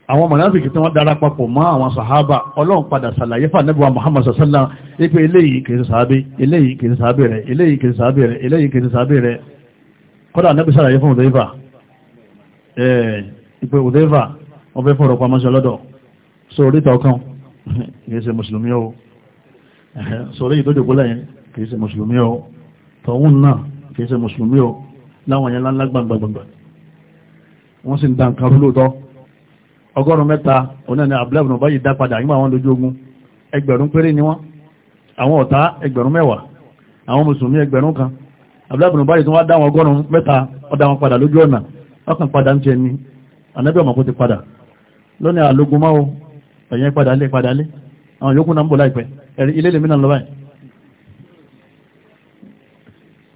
àwọn mọ̀láfíkì tí wọ́n dára papọ̀ mọ́ àwọn sàhábà ọlọ́run padà sàlàyé fànẹ́bùwà Muhammad sàlá ipé eléyìí kìí sàábé eléyìí kìí sàábé rẹ̀ eléyìí kìí sàábé rẹ̀ eléyìí kìí sàábé rẹ̀ kọ́dà nẹ́bí sàlàyé fún Udaiva ipé Udaiva wọ́n fẹ́ fọ́rọ̀ pamọ́ sí ọlọ́dọ̀ sórí tọ́kan kìí ṣe mùsùlùmí o sórí ìdójògbólẹ̀ yẹn kìí ṣe mùsùlùmí o tọ̀hún náà kìí ṣe sì ń da nǹkan lóòótọ́ ọgọ́rùn mẹ́ta onáà ni abdullahi bin ubayi dá padà nígbà wọn lójú ogun ẹgbẹ̀rún péré ni wọ́n àwọn ọ̀tá ẹgbẹ̀rún mẹ́wàá àwọn mùsùlùmí ẹgbẹ̀rún kan abdullahi bin ubayi tó wá dá wọn ọgọ́rùn mẹ́ta ọdá wọn padà lójú ọ̀nà ọkàn padà ń tiẹ̀ ni anábẹ́ ọmọ kó ti padà lónìí àlógún máwo ẹ̀yẹn padà lé padà lé àwọn yòókù náà ń bọ̀ láìpẹ́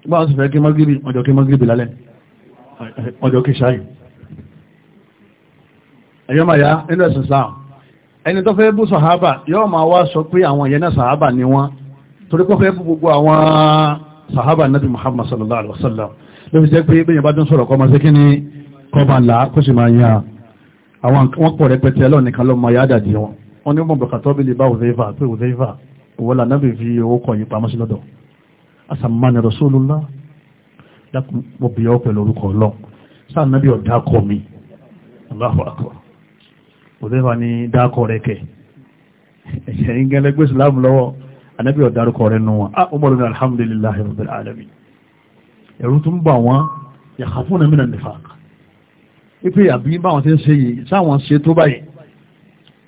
gbọ́n sì fẹ́ kí mọ́gírì ọjọ́ kí mọ́gírì bìlálẹ̀ ọjọ́ kí ṣáyìí ẹ̀yọ́ máa yá nínú ẹ̀sìn Islam ẹni tó fẹ́ bú sàhábà yóò máa wá sọ pé àwọn ìyẹn náà ni wọ́n torí pé fẹ́ bú gbogbo àwọn sàhábà nàbí Muhammad sallallahu alaihi wasallam ló fi jẹ́ pé bẹ́yìn bá dún sọ̀rọ̀ kọ́ máa ṣe kí ni kọ́ máa là kó sì máa yá àwọn wọn pọ̀ rẹpẹtẹ ẹlọ́ nìkan ló máa yá dàdí wọn wọn ní mọ̀bọ̀ kàtọ́ bí lè bá òzèfà pé òzèfà òwòlà nábì sáà nábì ọ̀dà kọ̀ mi Allahu akbar òtẹ́fà ní dákọ̀ rẹ̀ kẹ̀ ẹ̀ṣẹ̀ ń gẹ́lẹ́ gbé ìsìláàmù lọ́wọ́ anábì ọ̀dárúkọ rẹ̀ nù wọn ah Umar bin alhamdulillahi rabbil alamin ẹ̀rù tún bà wọ́n yakhafuna minan nifaq ipe àbí báwọn ti ń ṣe yìí sáwọn ṣe tó báyìí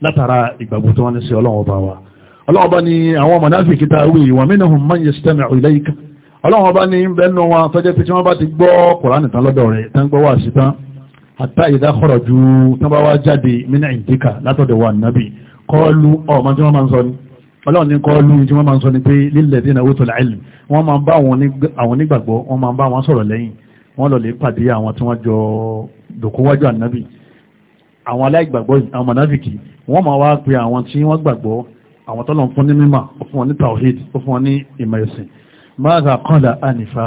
látara ìgbàgbọ́ tó wọ́n ní sí ọlọ́wọ́ bá wa ọlọ́wọ́ bá ní àwọn mọ̀náfíkì tá wí wa minhum man yastami'u ilayka wọn tọ́jẹ́ pé wọ́n bá ti gbọ́ Kùránì tán lọ́dọ̀ rẹ̀ tán gbọ́ sí tán àtà ìdákọ̀rọ̀ ju tán bá wá jáde mínà ìdíkà látọ̀dọ̀ wa nàbì kọlu ọmọ tí wọ́n máa ń sọ ni ọlọ́run ní kọlu tí wọ́n máa ń sọ ni pé lílẹ̀ dínà ó tọ́lá ẹ̀lì wọ́n máa ń bá àwọn onígbàgbọ́ wọ́n máa ń bá wọn sọ̀rọ̀ lẹ́yìn wọ́n lọ lè pàdé àwọn tí wọ́n jọ dòkówájú ànábì àwọn aláìgbàgbọ́ àwọn mọ̀nàfìkì wọ́n máa wá pe àwọn tí wọ́n gbàgbọ́ àwọn tọ́lọ̀ fún ní mímọ̀ ó fún wọn ní tawhid ó fún wọn ní ìmọ̀ ẹ̀sìn máa kàkànlá ànífà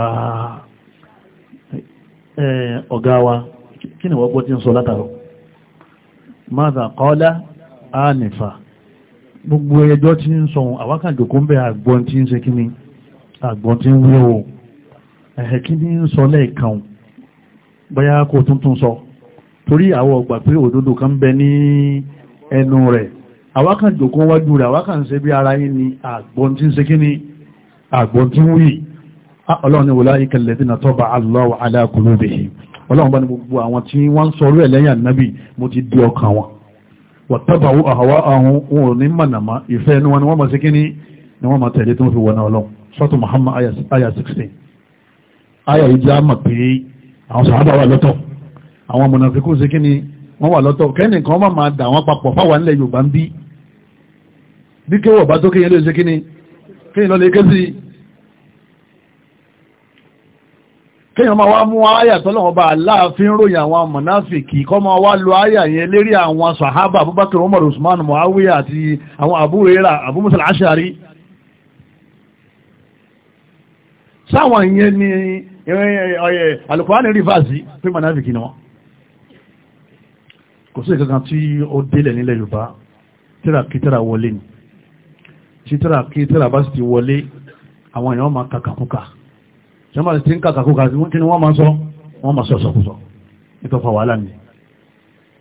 ọ̀gá wa kí ni wọ́pọ̀ tí ń sọ látàrọ mada kọ́lá ánìfà gbogbo ẹjọ́ tí ń sọ àwákàjòkó ń bẹ àgbọn tí ń ṣe kí ni àgbọn tí ń wí o ẹ̀hẹ̀ kí ni ń sọ lẹ́ẹ̀kan bóyá kò tuntun sọ torí àwọn ọgbà pé òdodo kan bẹ ní ẹnu rẹ̀ àwákàjòkó wájú rẹ̀ àwákàǹṣe àgbọn tí ń wí ọlọ́run ni wòlá ikẹ̀lẹ̀ tí na tọ́ba Allahu ala qulubihim ọlọ́run bá ní gbogbo àwọn tí wọ́n ń sọrú ẹ̀ lẹ́yìn ànábì mo ti di ọkàn wọn wọ̀tọ́bà àwa àwọn wọn ní mànàmá ìfẹ́ ni wọn ni wọ́n mọ̀ sí kí ni wọ́n mọ̀ tẹ̀lé tó fi wọ̀nà ọlọ́run sọ́tù Muhammad aya 16 aya yìí já mọ̀ pé àwọn sàhábà ni wọ́n wà lọ́tọ̀ kẹ́ni kan máa máa dà wọ́n papọ̀ fáwọn ilẹ̀ Yorùbá ń ni kéyìn lọ lè kéèyàn máa wá mú ááyà tọ́lọ́wọ́ bá aláàfin ròyìn àwọn mọ̀náfìkì kọ́ máa wá lo ááyà yẹn lérí àwọn sàhábà abubakar umar usman muawiya àti àwọn àbúrera abúmúsàlá aṣáàrí sáwọn ìyẹn ni alùpàánì rivasi pé mọ̀náfìkì ni wọ́n kò sí ìkankan tí ó délẹ̀ nílẹ̀ yorùbá tíra kí tíra wọlé ni tí tíra kí tíra bá sì ti wọlé àwọn sọ́mọ́ ti ń kàkàkù kàkàkù kí ni wọ́n máa sọ wọ́n máa sọ sọkúsọ nítọ́fà wàhálà ni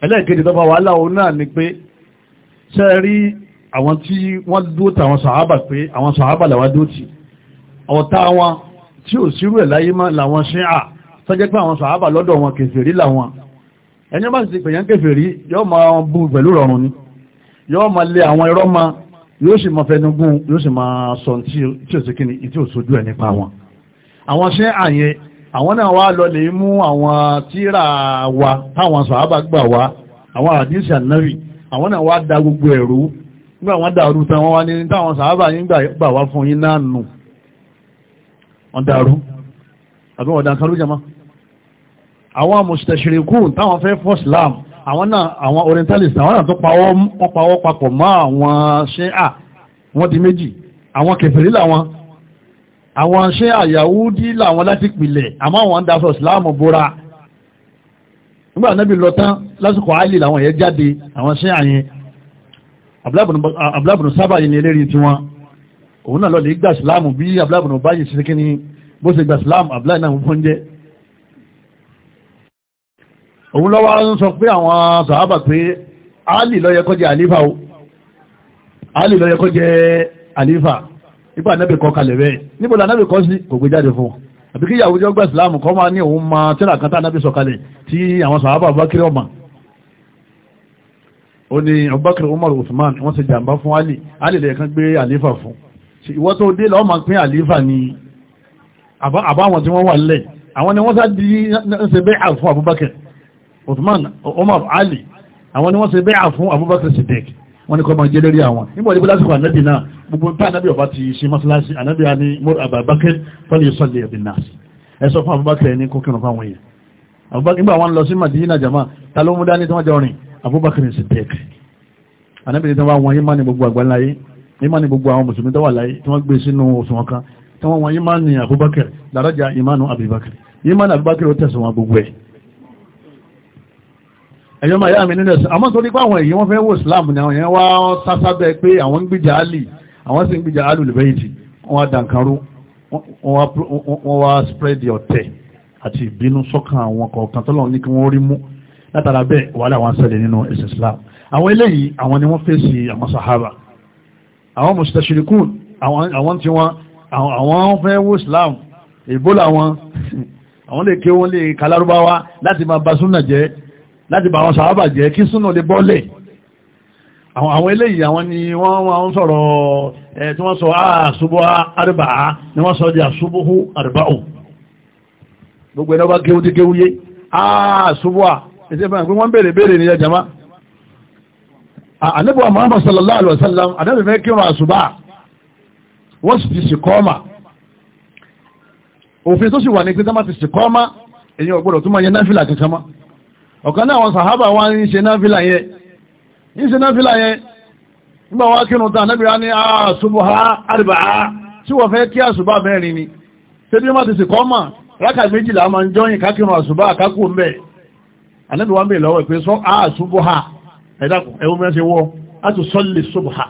ẹlẹ́ẹ̀kejì tọ́fà wàhálà òun náà ni pé ṣe rí àwọn tí wọ́n dúó tàwọn sàhábà pé àwọn sàhábà làwọn dúó tì ọ̀tá wọn tí ò sírú ẹ̀ láyé mọ́ làwọn ṣe à sọ́jẹ́ pé àwọn sàhábà lọ́dọ̀ wọn kèfèrí làwọn ni yóò sí kíni ò sójú ẹ̀ nípa wọn àwọn ṣẹ́ àyẹ àwọn náà wá lọ lè mú àwọn tíra wa táwọn sàábà gbà wá àwọn àdísì ànábì àwọn náà wá da gbogbo ẹ̀rú nígbà wọ́n dàrú tán wọ́n wá ní táwọn sàábà yín gbà wá fún yín náà nù wọ́n dàrú àbí wọ́n dàkan lójàmá àwọn mùsùlùmí táwọn fẹ́ fọ́ Islam àwọn náà àwọn orientalist àwọn náà tó pawọ́ papọ̀ mọ́ àwọn ṣẹ́ à wọ́n di méjì àwọn kèfèrí làwọn àwọn ṣe àyàwúdí làwọn láti pìlẹ̀ àmọ́ àwọn ń dáṣọ ìsìláàmù bóra nígbà anábì lọ tán lásìkò àìlè làwọn yẹn jáde àwọn ṣe àyẹn abúlábùnú sábà yìí ní eléri tí wọn òun náà lọ́lẹ̀ gbà ìsìláàmù bí abúlábùnú báyìí sí kí ni bó ṣe gbà ìsìláàmù abúláì náà fún jẹ́ òun lọ́wọ́ ń sọ pé àwọn sàhábà pé àìlè ló yẹ nípa ànábì kọ́ kalẹ̀ bẹ́ẹ̀ níbo la ànábì kọ́ sí kò gbé jáde fún àbí kí ìyàwó jọgbà ìsìláàmù kọ́ máa ní òun máa tẹ́lá kan tá ànábì sọ kalẹ̀ tí àwọn sàhábà Abubakar ọmọ ó ní Abubakar Umar Usman wọ́n ṣe jàǹbá fún Ali Ali lè kan gbé àlífà fún ìwọ tó dé lọ́ọ́ máa pín àlífà ni àbáwọn tí wọ́n wà lẹ̀ àwọn ni wọ́n sá di ṣe bẹ́ẹ̀ fún Abubakar Usman Umar Ali àwọn ni wọ́n ṣe bẹ́ẹ̀ fún Abubakar Siddiq wọ́n ní kọ́ máa jẹ́ lérí àwọn nígbà wọ́n ní lásìkò ànábì náà gbogbo tá ànábì ọba ti ṣe mọ́sálásí ànábì á ní mọ́rù àbàbákẹ́ fọ́lì sọ́lẹ̀ ẹ̀bì náà ẹ sọ fún àbúbákẹ́ ní kókìrùn fáwọn èèyàn àbúbákẹ́ nígbà jama ta ló mú dání tí wọ́n jọ rìn àbúbákẹ́ sì tẹ́ẹ̀kì ànábì ní wọ́n wọn ìmánì gbogbo àgbà láyé ìmánì gbogbo àwọn mùsùlùmí tó wà láyé tí wọ́n gbé sínú òṣùwọ̀n kan tí wọ́n wọn ìmánì àbúbákẹ́ dàrájà ìmánu àbíbákẹ́ ìmánì ẹ̀ ẹ̀yọ́ máa yá mi nínú ẹ̀sìn àmọ́ torí pé àwọn èyí wọ́n fẹ́ wò Islam ni àwọn yẹn wá sásábẹ́ pé àwọn ń gbìjà alì àwọn sì ń gbìjà alùlùbẹ́yìtì wọ́n dànkanrú wọ́n wá spread ọ̀tẹ̀ àti ìbínú sọ́kàn àwọn kọ̀ọ̀kan tọ́lọ̀ ní kí wọ́n rí mú látara bẹ́ẹ̀ wàhálà wọn ṣẹlẹ̀ nínú ẹ̀sìn Islam àwọn eléyìí àwọn ni wọ́n fèsì àwọn sahaba àwọn mustashirikun láti bá àwọn sàábà jẹ́ kí súnà lè bọ́lẹ̀ àwọn eléyìí àwọn ni wọ́n wọ́n ń sọ̀rọ̀ ẹ̀ tí wọ́n sọ ah, àṣùbọ́ àrìbà ni wọ́n sọ di àṣùbọ́hù àrìbà ò gbogbo ẹ̀dọ́ bá kéwú tí kéwú yé àṣùbọ́ ẹ̀sẹ̀ fún ẹ̀kún wọ́n bèèrè bèèrè ní ẹjàmá àníbọ̀ Muhammad sallallahu alaihi wasallam adábẹ̀fẹ́ kírun àṣùbà wọ́n sì ti sìkọ́ọ̀mà òfin tó sì wà ní pé tá má ti sìkọ́ọ̀mà èyí ọ̀gbọ́dọ̀ tó máa yẹ náfìlà kankan máa ọ̀kan náà wọn sàhábà wá ń ṣe náfìlà yẹn ń ṣe náfìlà yẹn nígbà wá kírun tán anábìrá ní àṣùbọ̀há àrìbàá tí wọ́n fẹ́ kí àṣùbà mẹ́rin ni ṣe bí wọ́n ti sì kọ́ mà rákà méjìlá máa ń jọyìn kákírun àṣùbà àkákù ń bẹ̀ anábì wá ń bè lọ́wọ́ pé sọ àṣùbọ̀há ah, ẹ̀dàkùn ẹ̀wọ́n mẹ́rin ṣe wọ́ àtúnṣọ́lẹ̀ ṣùbọ̀há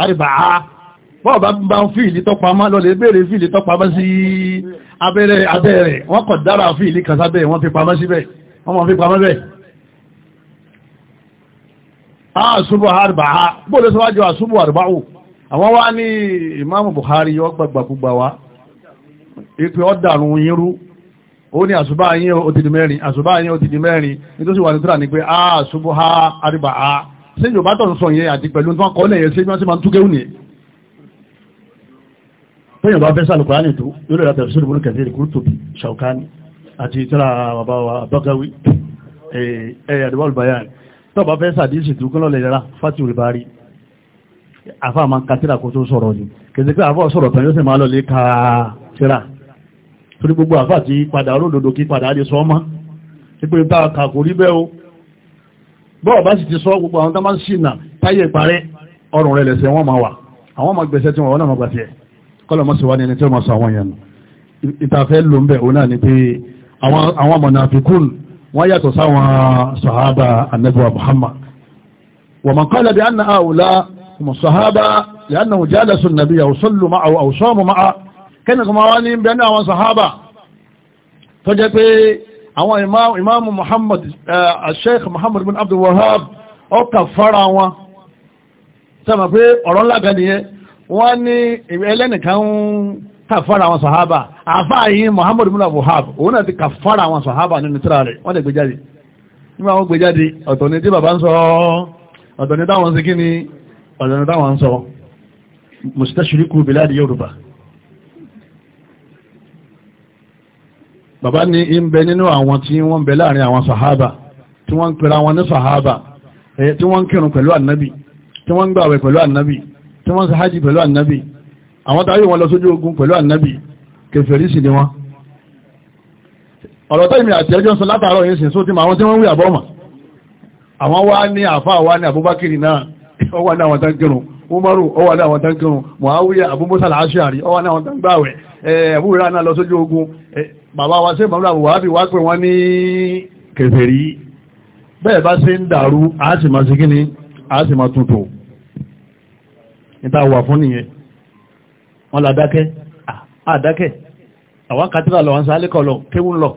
àrìbàá wọ́n bá bá wọ́n mọ̀ fi pamọ́ bẹ́ẹ̀ àṣùbọ̀ àrùbà ha bóòlù tó wájú àṣùbọ̀ àrùbà àwọn wá ní ìmáàmù Buhari yọ gbàgbàgbà wá ipe ọ̀dàrún yínrú ó ní àṣùbà yín ó ti di mẹ́rin àṣùbà yín ó ti di mẹ́rin nítorí wà ní tíra ní pé àṣùbọ̀ àrùbà ha ṣé Yorùbá tó ń sọ yẹn àti pẹ̀lú tí wọ́n kọ́ lẹ́yìn ṣé wọ́n ti máa ń àti tíra bàbá wa bọ́gáwí ẹ̀yà àdúgbò bayan tó bá fẹ́ sàdísì tó kọ́lọ̀ lè yára fátìwì bá rí àfá ma ka tíra kó tó sọ̀rọ̀ ni kìí pé àfá sọ̀rọ̀ tán yóò sì máa lọ lè ka tíra torí gbogbo àfá ti padà olódodo kí padà lè sọ ọmọ ipò ta kà kò rí bẹ́ẹ̀ o bọ́ọ̀ bá sì ti sọ gbogbo àwọn ní ẹni tí ó máa sọ àwọn yẹn ìtafẹ́ lò òun náà ni pé àwọn mọ̀nàfikún wọ́n yàtọ̀ sáwọn sọ̀hábà annabuwa muhammad wa man qala bi anna haula sọ̀hábà li annahu jalasu an-nabiyya aw sallu ma'ahu aw samu ma'ahu kẹ́nìkan máa wá ní bẹ́ẹ̀ ní àwọn sọ̀hábà tó jẹ́ pé àwọn imáàmù muhammad eh, sheikh muhammad bin abdul wahab ọkà fara wọn kàfàrà àwọn sàhábà àfáà yìí Muhammad ibn Abdul Wahhab òun náà ti kàfàrà àwọn sàhábà nínú tíra rẹ̀ wọ́n lè gbé jáde nígbà wọ́n gbé jáde ọ̀tọ̀ ni tí bàbá ń sọ ọ̀tọ̀ ni táwọn ń ṣe kí ni ọ̀tọ̀ ni táwọn ń sọ mustashriku biladi Yorùbá bàbá ní ń bẹ nínú àwọn tí wọ́n bẹ láàrin àwọn sàhábà tí wọ́n ń eh, pẹ̀lú àwọn tàbí wọn lọ sójú ogun pẹ̀lú ànábì kèfèrí sì ni wọ́n ọ̀rọ̀ tẹ́yìmì àti ẹjọ́ sọ látàárọ̀ yìí sì sóti àwọn tí wọ́n wí àbọ́mà àwọn wá ní àfáà wá ní àbúbákiri náà ó umaru ó wà ní àwọn tánkìrùn muawiya abúmọ́sà làásìárì ó wà ní àwọn tánkìrùn ẹ̀ẹ́bùrẹ́ náà lọ sójú ogun bàbá wa sí mọ̀lá wàhábì wá pé wọ́n ní kèfèrí bẹ́ẹ̀ bá sí ìta wà fún nìyẹn wọ́n la dákẹ́ àdákẹ́ àwọn kàtírà lọ wọn sálẹ́ kọlọ kéwù lọ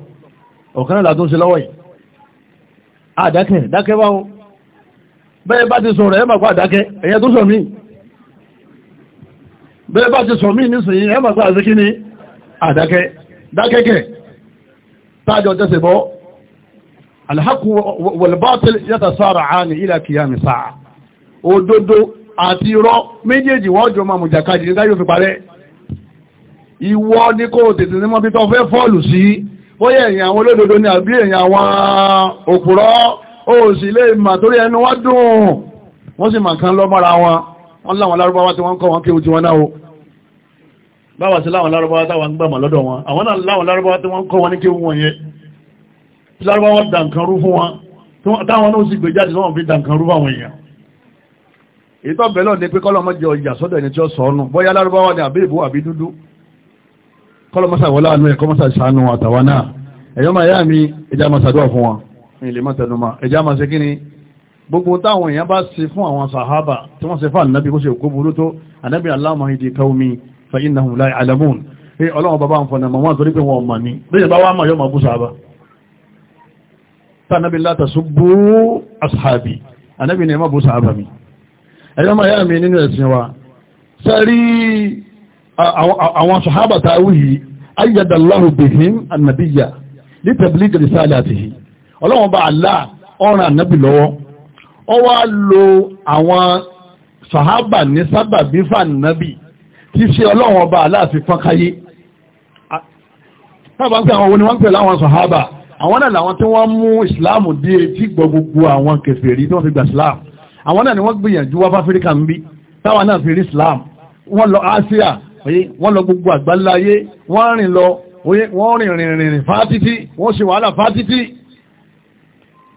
ọ̀kan náà tún ṣe lọ́wọ́ yìí àdákẹ́ dákẹ́ wá o bẹ́ẹ̀ bá ti sọ̀rọ̀ ẹ máa pa àdákẹ́ ẹ̀yẹ tó sọ mí bẹ́ẹ̀ bá ti sọ mí nísìnyí ẹ máa pa àṣekí ni àdákẹ́ àti irọ́ méjèèjì wọ́n jọ máa mùjàkadì ní táyọ̀ fi parẹ́ ìwọ ní kó tètè ní mọ́bí tó fẹ́ fọ́ọ̀lù sí bóyá ẹ̀yìn àwọn olódodo ni àbí ẹ̀yìn àwọn òpùrọ́ ó sì lè mà torí ẹnu wá dùn wọ́n sì mà kan lọ mọ́ra wọn wọ́n láwọn lárúbáwá tí wọ́n kọ́ wọn kéwù tí wọ́n náà o báwa sí láwọn lárúbáwá táwọn gbàmà lọ́dọ̀ wọn àwọn náà láwọn lárúbáwá tí wọ́n wọn ní rú fún wọn táwọn náà sì gbé jáde sọ́wọ́n fi dànkan rú fáwọn èèyàn ìtọ́ bẹ̀lọ́ ní pé kọ́lọ́mọ́ jẹ ọjà sọ́dọ̀ ẹni tí ó sọ ọ́nù bọ́yá lárúbáwá ni àbí ìbò àbí dúdú kọ́lọ́mọ́sà wọlá àánú ẹ̀ kọ́mọ́sà sànú àtàwà náà ẹ̀yọ́ máa yá mi ẹjá ni gbogbo bú sàhábà ẹ̀yọ́ máa yá mi nínú ẹ̀sìn wa sẹ́rí àwọn sọ̀hábà tá a wù yìí ayyadallahu bihim annabiya ní tẹ̀blígì risalatihi ọlọ́wọ́n bá Allah ọ̀ràn ànábì lọ́wọ́ ọ wá lo àwọn sọ̀hábà ní sábà bí fàànàbì tí ṣe ọlọ́wọ́n bá Allah fi fọ́n káyé sábà ń pè àwọn oníwọ́n pè láwọn sọ̀hábà àwọn náà làwọn tí wọ́n mú ìsìláàmù dé etí gbọ́ gbogbo àwọn kèfèrí tí wọ́n fi gbà ìsìláàmù àwọn náà ni wọ́n gbìyànjú wá fáfíríkà ń bí táwọn náà fi rí Islam wọ́n lọ Asia oyé wọ́n lọ gbogbo àgbáńlá ayé wọ́n rìn lọ oyé wọ́n rìn rìn rìn rìn fátítí wọ́n ṣe wàhálà fátítí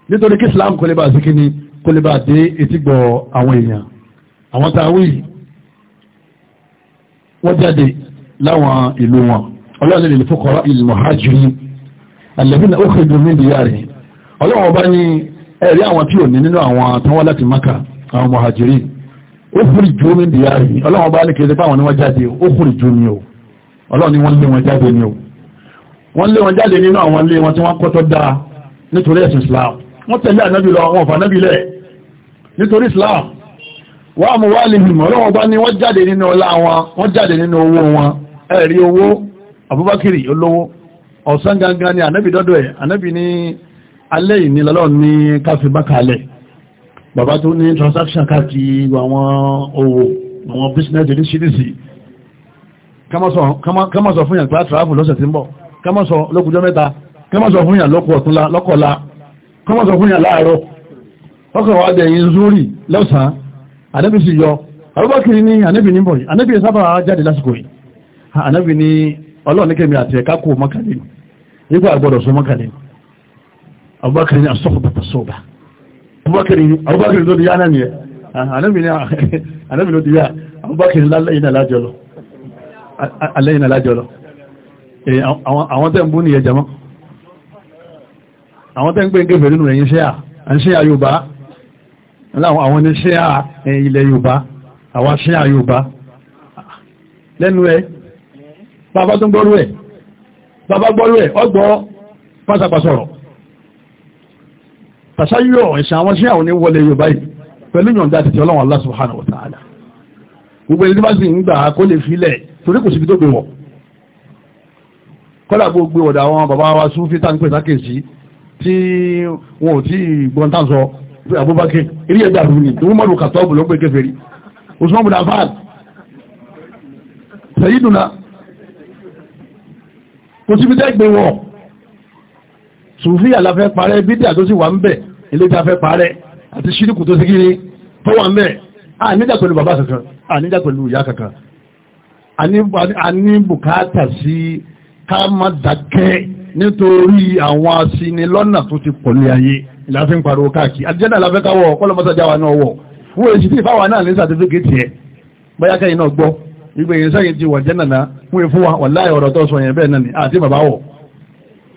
nítorí kí Islam kò lè bá sí kíní kò lè bá dé etí gbọ́ àwọn èèyàn àwọn tàwí wọ́n jáde láwọn ìlú wọn ọlọ́run lè fọ́kọ̀ọ́ ìlú mọ̀hájú alladhina ukhriju min diyarihim ọlọ́run ọba ní ẹ̀rí àwọn tí ò ní nínú àwọn tó wá láti maka àwọn muhajirin ó kúrì ju omi ìdíyà rí ọlọ́run bá lè kéde pé àwọn ni wọ́n jáde ó kúrì ju omi o ọlọ́run ni wọ́n lé wọn jáde ni o wọ́n lé wọn jáde nínú àwọn ilé wọn tí wọ́n kọ́tọ́ dáa nítorí ẹ̀sìn islam wọ́n tẹ̀lé ànábì lọ wọn fànábì lẹ̀ nítorí islam wọ́n mú wá lè hìmọ̀ ọlọ́run bá ní wọ́n jáde nínú ọlá wọn wọ́n jáde nínú owó wọn ẹ̀rí owó abubakiri olówó ọ̀sán gangan ni ànábì dọ́dọ̀ ẹ̀ ànábì ní alẹ́ ìní lọ́lọ́ ní káfí bákalẹ̀ bàbá tó ní transaction káàkiri àwọn owó àwọn business oríṣiríṣi kámọ́sọ̀ fún yàn pé àtàràfù lọ́sẹ̀ tí ń bọ̀ kámọ́sọ̀ lókùjọ́ mẹ́ta kámọ́sọ̀ fún yàn lọ́kọ̀ ọ̀túnla lọ́kọ̀ọ́la kámọ́sọ̀ fún yàn láàárọ̀ ọkọ̀ wà dẹ̀yìn zúrì lọ́sàn-án àdẹ́bì sì yọ àrúbákiri ní ànẹ́bì ní bọ̀yí ànẹ́bì sábà jáde lásìkò yìí ànẹ́bì ní ọlọ́ọ̀nìkẹ́mi àti ẹ̀ká kò mọ́kàlẹ̀ nígbà àgbọ̀dọ̀ sọ mọ́kàlẹ̀ abubakar ni asọ́kùnbà tasọ́bà abubakar ni abubakar ló ti yá náà nìyẹn anábì ló ti yá abubakar lálẹ́yìn alájọ́ lọ àwọn tẹ́ ń bú nìyẹn jama àwọn tẹ́ ń gbé ń gẹ́fẹ̀ẹ́ nínú ẹ̀yìn ṣẹ́à ń ṣẹ́à Yorùbá láwọn àwọn ní ṣẹ́à ilẹ̀ Yorùbá àwọn ṣẹ́à Yorùbá lẹ́nu ẹ bàbá tó gbọ́rú ẹ bàbá gbọ́rú ẹ ọgbọ́ pásápasọ̀rọ̀ tàṣáyọ̀ ìṣẹ́ àwọn ṣíà òní wọlé Yorùbá yìí pẹ̀lú yọ̀ǹda àti ti Ọlọ́run Allah subhanahu wa ta'ala gbogbo ẹni tí bá sì ń gbà kó lè filẹ̀ torí kò síbi tó gbé wọ̀ kọ́lá gbogbo ọ̀dà àwọn bàbá wa Sufi tá ń pè sákèsí tí wọn ò tí gbọ́n tá ń sọ pé Abubakar eré ẹgbẹ́ àrùn Sufi àlàfẹ́ parẹ́ bídíà tó sì ń bẹ̀ ilé tí a fẹ́ parẹ́ àti ṣírìkù tó sígírí tó wà mẹ́ àníjà pẹ̀lú bàbá kankan àníjà pẹ̀lú ìyá kankan àní bùkátà sí ká má dákẹ́ nítorí àwọn asinilọ́nà tó ti pọ̀lú ayé ìlàfí ń pariwo káàkiri àdìjẹ́nà láfẹ́ káwọ̀ kọ́lọ́mọ́sájà wa náà wọ̀ wọ́n èsì tí ìfáwà náà ní wa wà láì ọ̀rọ̀ tó sọ ni àti bàbá wọ̀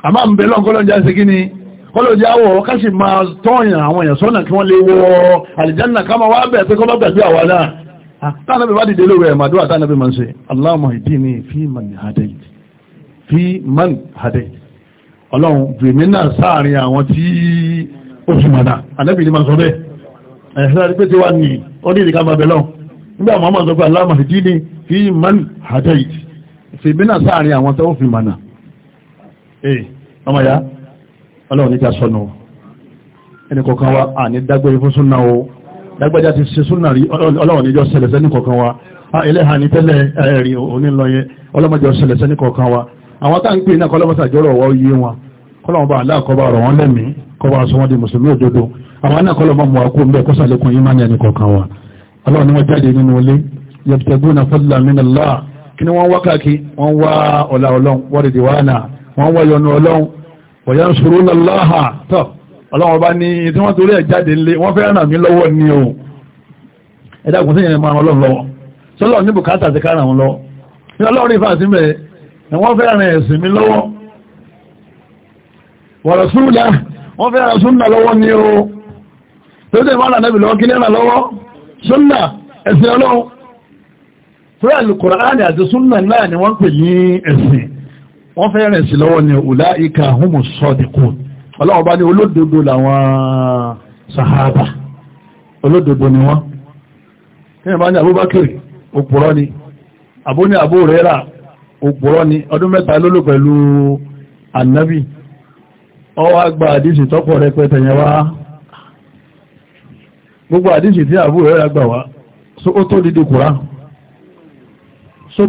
àmá ń bẹ lọ́nkọ́lọ́njá sí ni kọ́lọ̀dí àwọ̀ káṣì máa tọ́yìn àwọn èèyàn sọ́nà kí wọ́n lè wọ àlìjánà ká máa wá bẹ̀ pé kọ́ bá gbàgbé àwa náà ah, tánàbí bá dìde lórí ẹ̀mà tánàbí máa ń ṣe Allahumma fi man hadayt fi man hadayt ọlọ́run bèmí náà sáàrin àwọn tí ó sì mọ̀nà ànábì ni máa sọ bẹ́ẹ̀ ẹ̀sán pé tí wà ní ọdí fi man hadayt bèmí náà sáàrin àwọn tó fi mọ̀nà ọmọ ya ọlọ́run ní ká sọnù ẹni kọ̀ọ̀kan wa à ní dágbére fún súnà o dágbájá ti ṣe súnà rí ọlọ́run níjọ́ ṣẹlẹ̀ sẹ́ni kọ̀ọ̀kan wa ẹlẹ́hàn ní tẹ́lẹ̀ ẹ̀rí onílọ́yẹ ọlọ́mọjọ́ ṣẹlẹ̀ sẹ́ni kọ̀ọ̀kan wa àwọn tá ń pè náà kọlọ́mọsà jọ́rọ̀ wọ́ yé wọn kọlọ́mọ bá aláàkọ́bà ọ̀rọ̀ wọn lẹ́mí kọba sọ wọn di mùsùlùmí òdodo àwọn náà kọlọ́mọ mọ̀ àkó mbẹ́ kọ́sàlẹ́kùn yìí máa ń yẹn kọ̀ọ̀kan wa ọlọ́run ni wọ́n jáde nínú ilé yẹ̀bùtẹ̀gùn náà fọ́lá mínàlá kí ni wọ́n wá káàkiri wọ́n wá ọ̀là ọlọ́run wọ́n rèdè wánà wọ́n wá yọnu ọlọ́run wọ̀yá ń ṣòro lọ́láhà tọ́ ọlọ́wọ́ bá ní tí wọ́n torí ẹ̀ jáde lé wọ́n fẹ́ ràn mí lọ́wọ́ ni o ẹ̀dá kùn síyẹn máa ọlọ́run lọ́wọ́ sọ́lọ́ ní bùkátà ti kára wọn lọ ní ọlọ́run ìfà sí mẹ́ ẹ̀ wọ́n fẹ́ ràn ẹ̀sìn mi lọ́wọ́ wọ̀rọ̀ súnlá wọ́n fẹ́ ràn súnlá lọ́wọ́ ni o tó dé máa ràn lọ́wọ́ kí ní ràn lọ́wọ́ súnlá ẹ̀sìn ọlọ́run tó yà wọ́n fẹ́ sí lọ́wọ́ ni ulaika humu sadiqun ọlọ́wọ́ bá ní làwọn sahaba olódodo ni wọ́n kíyàn bá ní Abubakar òpùrọ́ ni àbó ní Abu Huraira òpùrọ́ ni ọdún mẹ́ta lólò pẹ̀lú annabi ọwọ́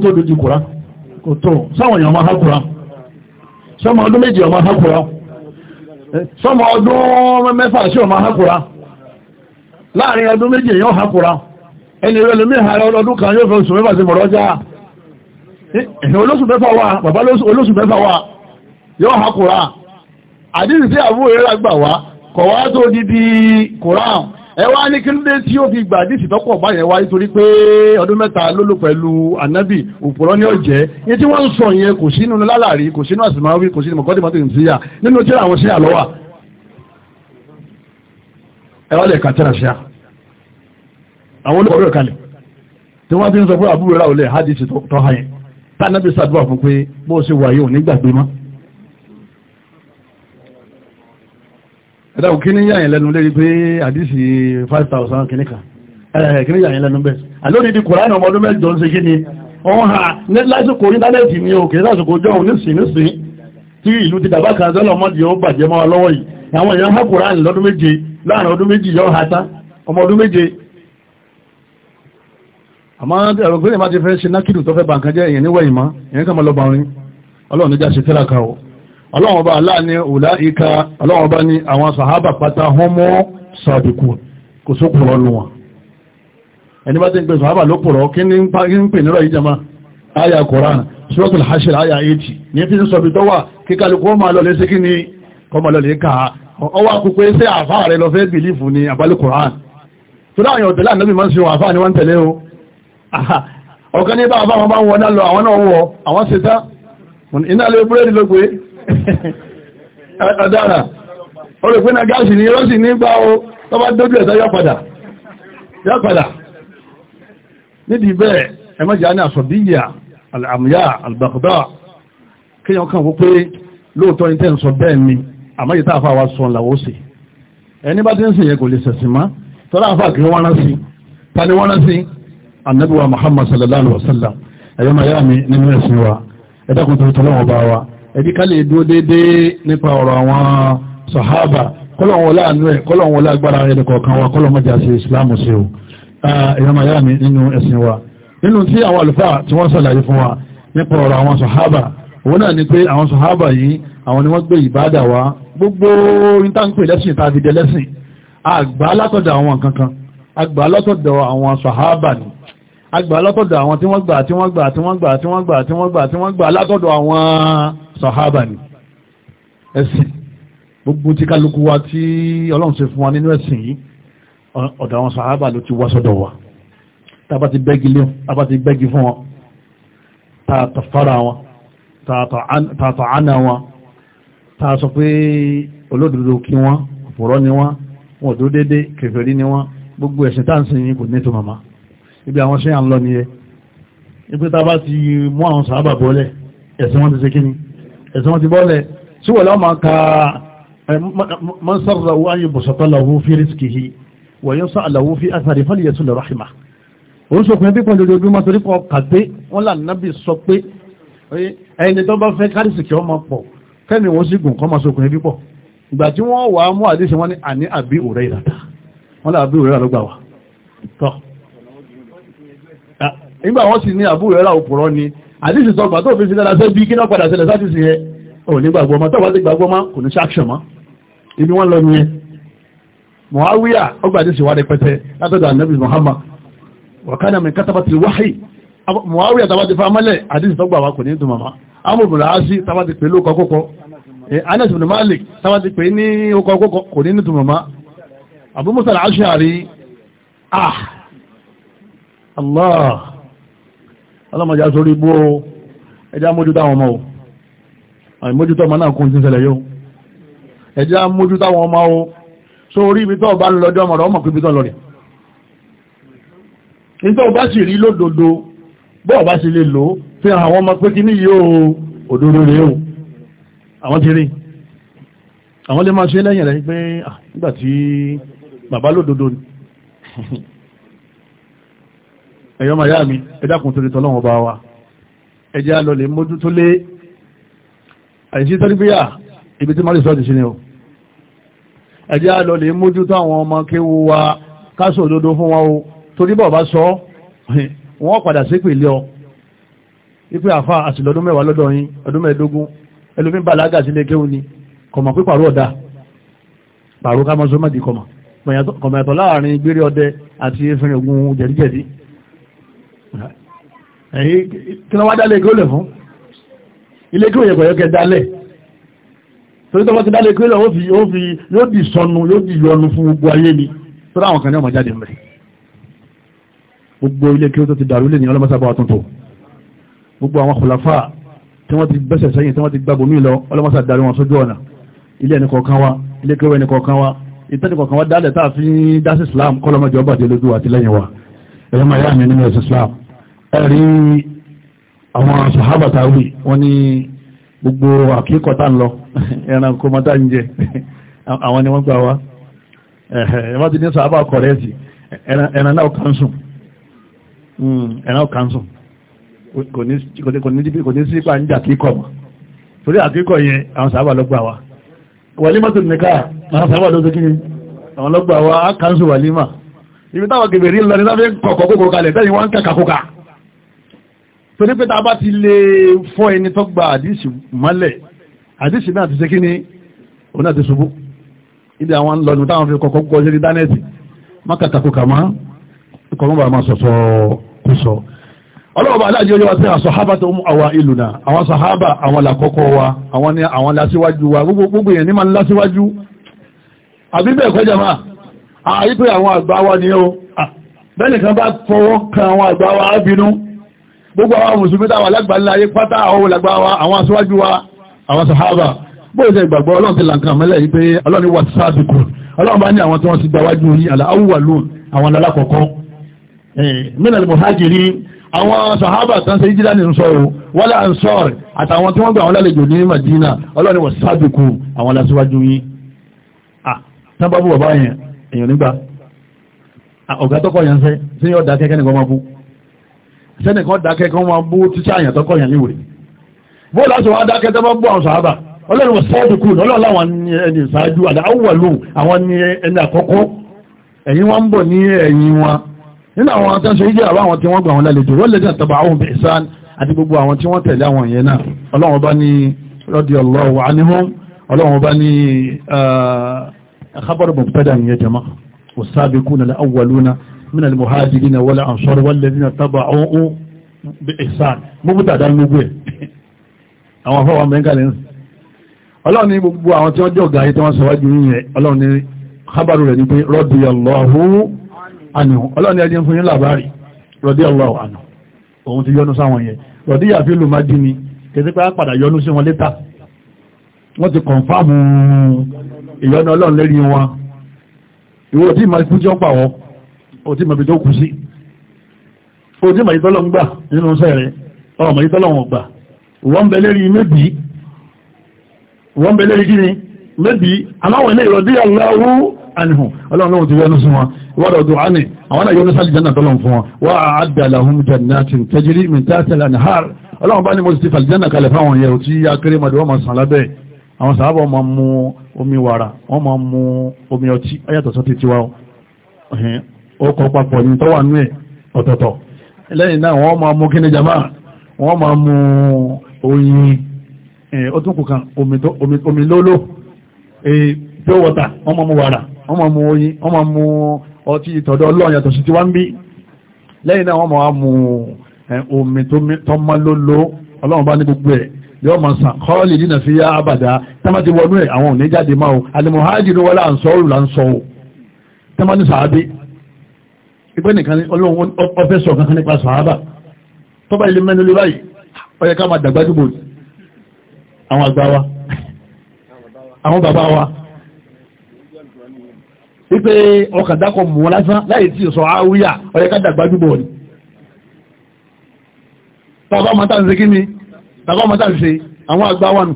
tọ́pọ̀ kò tó sáwọn èèyàn máa hákùrá ọdún méjì ọmọ hákùrá sọmọ ọdún mẹ́fà sí ọmọ hákùrá láàrin ọdún méjì èèyàn hákùrá ẹni rẹ̀ lómi ìhàrẹ ọdún kan yóò fẹ́ oṣù mẹ́fà sí mọ̀rọ̀ olóṣù mẹ́fà wà bàbá olóṣù mẹ́fà wà yóò hákùrá àdíṣẹ́ àbúrò rẹ̀ gbà wá kọ̀wá tó di di ẹ wá ní kí ló dé tí ó fi gbà díìsì tọ́pọ̀ báyẹn wáyé torí pé ọdún mẹ́ta ló lò pẹ̀lú ànábì òpùrọ́ ní ọ̀jẹ́ yẹn tí wọ́n ń sọ yẹn kò sínú lálàrí kò sínú àsìmáwí kò sínú mọ̀kọ́dé mọ́tò ìmùsíyà nínú tí àwọn sí àlọ́wà ẹ wá lè kà tẹ́ra sí àwọn olùkọ́ rẹ̀ kalẹ̀ tí wọ́n ti ń sọ pé àbúrò rà hádìsì tọ́ ẹ̀dàkùn kí ní yàyìn lẹ́nu lérí pé àdísì 5,000 kìníkà ẹ̀kìní yàyìn lẹ́nu bẹ́ alóòdì di kòránà ọmọ ọdún mẹ́jọ ń ṣe kí ni wọ́n ha ní lásìkò íńtánẹ́ẹ̀tì ni òkè lásìkò jọun nísìn nísìn tí ìlú ti dàbá kan sọ́lọ̀ ọmọdé ó bàjẹ́ mọ́ lọ́wọ́ yìí àwọn èèyàn ha kòránì lọ́dún méje láàrin ọdún méjì yọ ha tán ọmọ ọdún méje àmọ́ ẹ̀rọ pé ìmá ti fẹ́ ṣe nákìlù tó fẹ́ bàǹkan jẹ́ èèyàn níwẹ̀ ìmọ̀ èèyàn kàn ọlọ́wọ́n bá aláàní òlá ìka ọlọ́wọ́n bá ní àwọn sàhábà pátá homo sàdìkù kò sókùrọ̀ lù wọn ẹni bá ti ń pè sàhábà ló pùrọ̀ kí ní ń pè nírọ̀ ìjẹma àyà koran suratul hashir àyà 80 ní fi ń sọ̀bí tó wà kíkàlùkù ọmọ alọ́lẹ́ sí kí ni ọmọ alọ́lẹ́ ká ọwọ́ akúpe sí ni wọ́n tẹ̀lé o ọ̀kan ní bá àfá wọn bá wọn náà lọ àwọn náà lè búrẹ́dì ló ọ̀dára olùpínà gáàsì ni ó sì nígbà o tó bá dójú ẹ̀tọ́ yọ padà yọ padà nídìí bẹ́ẹ̀ ẹmọ́jà ní àsọ̀díyà àmìyà àlùbàkùdá kíyàn kan wípé lóòótọ́ ní tẹ́ǹsọ bẹ́ẹ̀ ni àmọ́yí tá àfà wa sọ làwọ́ sí ẹni bá ti ń sìn yẹn kò lè sẹ̀sìn má tọ́lá àfà kí wọ́n rán sí ta ni wọ́n rán sí muhammad sallallahu alaihi wa sallam ẹ̀yọ́ màyá mi nínú ẹ̀sìn wa ẹ̀dá kò tó tọ́lọ́wọ́ bá wa ẹ̀dí ká lè dúró déédéé nípa ọ̀rọ̀ àwọn sàhábà kọ́lọ̀wọ́lá àánú ẹ̀ kọ́lọ̀wọ́lá agbára ẹni kọ̀ọ̀kan wa kọ́lọ̀mọ́jà sí ìsìláàmù sí o ìrànmáyà mi nínú ẹ̀sìn wa nínú tí àwọn àlùfáà tí wọ́n sàlàyé fún wa nípa ọ̀rọ̀ àwọn sàhábà òun náà ni pé àwọn sàhábà yìí àwọn ni wọ́n gbé ìbádà wa gbogbo ìtànkù lẹ́sìn tàbí dẹlẹ́sìn àgbà látọ̀dọ̀ àwọn kankan àgbà látọ̀dọ̀ àwọn sàhábà ni àgbà látọ̀dọ̀ àwọn tí wọ́n gbà tí wọ́n gbà tí wọ́n gbà tí wọ́n gbà tí wọ́n gbà tí wọ́n gbà látọ̀dọ̀ àwọn sahaba ni ẹ̀sìn gbogbo tí kálukú wa tí ọlọ́run ṣe fún wa nínú ẹ̀sìn yìí ọ̀dọ̀ àwọn sahaba ló ti wá sọ́dọ̀ wa tàbá ti bẹ́gi lé tàbá ti bẹ́gi fún wọn tààtà fara wọn tààtà àna wọn tàà sọ pé olódodo kí wọn òpùrọ́ ni wọn wọn ò dúró déédéé ni wọn gbogbo ẹ̀sìn táǹsìn yìí kò ní màmá ibi àwọn ṣe ń lọ nìyẹn ibi tàbá ti mú àwọn sahaba bọ́lẹ̀ ẹ̀sìn wọn ti ṣe kíni ẹ̀sìn wọn ti bọ́lẹ̀ tí wọ́n lọ́wọ́ máa ka mọ́sára wọ́n yóò bọ̀sọ̀tọ́ lọ́wọ́ fi rísìkì yìí wọ́n yóò sọ àlọ́wọ́ fi àtàrí fọ́lì yẹn tún lọ ráhìmá oríṣokùnrin bí pẹ̀lú ojoojúmọ́ torí kọ́ kàgbé wọ́n là nábì sọ pé ẹni tó bá fẹ́ kárìsìkì ọmọ pọ̀ kẹ́ni wọ́n sì gùn kọ́ máa sokùnrin bí pọ̀ ìgbà tí wọ́n wà á mú àdéṣe sì ní àbúrò ẹ̀rà ni àdìsí sọ pàtó fi sí dára sẹ́ bí kí náà padà ṣẹlẹ̀ sáàtìsì yẹ ò ní gbàgbọ́ ọmọ tọ́wọ́ sí gbàgbọ́ ọmọ kò ní ṣàkṣàn mọ́ ibi wọ́n lọ ní ẹ Muawiya ọgbà àdìsí wà rẹpẹtẹ látọ̀dọ̀ anabi Muhammad wakana mi kátàbà ti wáhì Muawiya tàbá ti famálẹ̀ àdìsí tọ́gbà wa kò ní dùn màmá amòbìnrin àásí tàbá ti pè lóko kókó eh, Anas bin Malik tàbá ti pè ní oko kókó kò ní dùn Abu Musa al ah Allah ọlọ́mọjá sórí ibú o ẹjá mójútó ọmọ o àmì mójútó ọmọ náà kún sí ṣẹlẹ̀ yóò ẹjá mójútó ọmọ o so orí ibi tó bá ń lọ ọmọ rẹ̀ ọmọ pípí tó lọ rẹ̀ nítorí bá sì rí lódodo bọ́ọ̀ bá sì lè lò ó fi hàn àwọn ọmọ pé kí ní yóò òdodo rẹ̀ o àwọn ti rí àwọn lè máa ṣe lẹ́yìn rẹ̀ pé ah, nígbà bàbá lódodo ni (laughs) ẹ̀yọ́ màá yá mi ẹ̀dàkùn torí tọ́lọ́wọ́n bá wa ẹjẹ́ lọ lè mójú tó lé àìsí tẹ́lifíyà ibi tí mari sọ́ọ̀tì sí ni o ẹjẹ́ lọ lè mójú tó àwọn ọmọ kéwu wa káṣọ òdodo fún wọn o torí bọ̀ bá sọ wọ́n padà sí ìpìlẹ̀ ọ ipe àfa àsìlọ́dún mẹ́wàá lọ́dọ̀ yín ọdún mẹ́ẹ̀ẹ́dógún ẹlòmí bàlágà sílé kéwu ni kọ̀mọ̀ pé pàrọ̀ ọ̀dà pàrọ̀ ká mọ́ sọ́mọ́dì kọ̀mọ̀ kọ̀mọ̀ ẹ̀tọ́ láàrin gbére ọdẹ àti efirin ogun jẹ̀díjẹ̀dí ẹ̀yìn tí wọ́n wá dálé ìgbó lẹ̀ fún ilé kí òyẹ̀kọ̀ yẹ́kẹ́ dálẹ̀ torí tọ́wọ́ ti dálé ìgbó lẹ̀ ó fi yóò di sọnù yóò di yọnu fún gbogbo ayé ni tó ráwọn kan ní ọmọ jáde mẹ́rin gbogbo ilé kí ó tó ti dàrú lè ní ọlọ́mọsábà tuntun gbogbo àwọn kòláfà tí wọ́n ti bẹ́sẹ̀ sẹ́yìn wa ilé Islam kọ́lọ́mọjọ́ bàjẹ́ lójú àtìlẹ́yìn wa ẹ̀yọ́ máa yá mi nínú ẹ̀sìn Islam ẹ̀rí àwọn sàhábàtà wì wọ́n ní gbogbo àkíkọ̀tà lọ (laughs) ẹran na ń jẹ (laughs) àwọn ni wọ́n gbà wá ẹ̀wọ́n ti ní sàhábà kọ̀rẹ́ẹ̀tì ẹran náà kàn hmm, sùn kò ní sí pa ń jà kíkọ̀ mọ́ torí àkíkọ̀ yẹn àwọn sàhábà ló gbà wá tó àwọn sókí àwọn ibi táwọn kèbèrè lọ ní láfẹ́ kalẹ̀ tẹ́yìn wọ́n ń torí pé tá a bá ti lè fọ́ ẹni tó gba àdísì mọ́lẹ̀ àdísì náà ti ṣe kí ni òun náà ti ṣubú ibi àwọn lọ́nu táwọn fi kọ̀kọ́ kọ́ sí dánẹ́ẹ̀tì mákàtàkù kàmá kọ̀mọ́ bàá máa sọ̀sọ̀ kú sọ ọlọ́wọ́ bá aláàjẹ́ olówó sí tó mú àwa ìlú náà àwọn ṣàhábà àwọn làkọ́kọ́ wa àwọn ni àwọn lásíwájú wa gbogbo èèyàn ní máa ń lásíwájú àbí bẹ́ẹ̀ kọ́ jàmá àyíkú àwọn àgbà wa ni ó bẹ́ẹ̀ nìkan bá fọwọ́ kan àwọn àgbà wa bínú gbogbo àwọn mùsùlùmí táwọn alágbàlá ayé pátá àwọn olàgbà àwọn aṣíwájú wa àwọn sàhábà bóyá ṣe ìgbàgbọ́ ọlọ́run ti lànkàn mẹ́lẹ̀ yìí pé ọlọ́run wà sáàdùkù ọlọ́run bá ní àwọn tí wọ́n ti gbàwájú yìí aláwùwàlú àwọn ní Madina ọlọ́run wà sáàdùkù àwọn aláṣíwájú yìí tán bá bú bàbá yẹn èèyàn nígbà ọ̀gá tọ́kọ̀ yẹn ń sẹ́nìkan dákẹ́ kan máa bú títí àyàn tọ́kọ̀ yàn níwèé bóò láti wá dákẹ́ tó máa bú àwọn sàábà ọlọ́run sẹ́ẹ̀dùkù lọ́lọ́ láwọn ẹni ìsáájú ni àwọn ẹni àkọ́kọ́ ẹ̀yìn wọn ń bọ̀ ní ẹ̀yìn wọn nínú àwọn atẹ́sọ ìjẹ́ àwọn àwọn tí wọ́n gbà wọn lálejò wọ́n lẹ́jọ́ àtàbà àwọn bẹ̀sán àti gbogbo àwọn tí wọ́n eh, awwaluna من المهاجرين والأنصار والذين تبعوا بإحسان مبتدا gbogbo ẹ̀ àwọn afọ́wà mẹ́gàlẹ̀ ń ọlọ́run ní gbogbo àwọn tí wọ́n jẹ́ ọ̀gá ayé tí wọ́n sọ́wájú yìnyẹn ọlọ́run ní kábàrù rẹ̀ ní pé radiyallahu anhu ọlọ́run ẹjẹ́ fún yín làbárì radiyallahu anhu òun ti yọ́nú sáwọn yẹn rọ̀díyà fi lù má jí ni kẹsí pé á padà yọ́nú sí wọn létà wọ́n ti kọ̀ǹfàmù ìyọ́nú ọlọ́run lérí wọn ìwọ́n tí ìmọ̀ ikú jọ́ pàwọ́ òtí mọ̀bí tó kù sí òtí mọ̀ ìtọ́lọ̀ ń gbà nínú sẹ́rẹ̀ ọmọ ìtọ́lọ̀ wọn gbà wọ́n bẹ lérí méjì wọ́n bẹ lérí kíni méjì aláwọ̀ ilé ìrọ̀dí aláwú ànihùn ọlọ́run ti yọnu sí wọn wọ́n ọdún àní àwọn àyọ́nu sáàlì jẹ́nà tọ́lọ̀ fún wọn wọ́n àádà lahum jannatin tajri min tahtiha al-anhar ọlọ́run bá ní mo ti fàlì jẹ́nà kalẹ̀ omi wàrà wọ́n máa mu omi ọtí ayàtọ̀ sọ́tì tiwa ọkọ̀ papọ̀ ní tọ́wà ní ẹ̀ ọ̀tọ̀ọ̀tọ̀ lẹ́yìn náà wọ́n máa mú kíní jama wọ́n máa mú oyin ọtúnkùkan omi lóló pure water wọ́n máa mú wàrà wọ́n máa mú oyin wọ́n máa mú ọtí ìtọ̀dọ̀ ọlọ́run yàtọ̀ sí ti wá ń bí lẹ́yìn náà wọ́n máa mú omi tó mọ́ lóló ọlọ́run bá ní gbogbo ẹ̀ yóò máa sàn kọ́ọ̀lì dínà fi yá àbàdá támátí wọnú ẹ̀ àwọn ò ní jáde máa o àlèmọ̀hájì ló wọlé à ń sọ òrùlà ń sọ o támátí sàábé ìpẹ́ nìkan ọlọ́run ọfẹ́ sọ kankan nípa sàhábà tó bá ilé mẹ́nu lé báyìí ó yẹ ká máa dàgbà dùgbò àwọn àgbà wa àwọn bàbá wa wípé ọkà dákọ̀ mú wọn lásán láì tí sọ áwúyà ó yẹ ká dàgbà dùgbò ni bàbá ọmọ tá ń ṣe kí ni bàbá ọmọ tá ṣe àwọn àgbà wa nù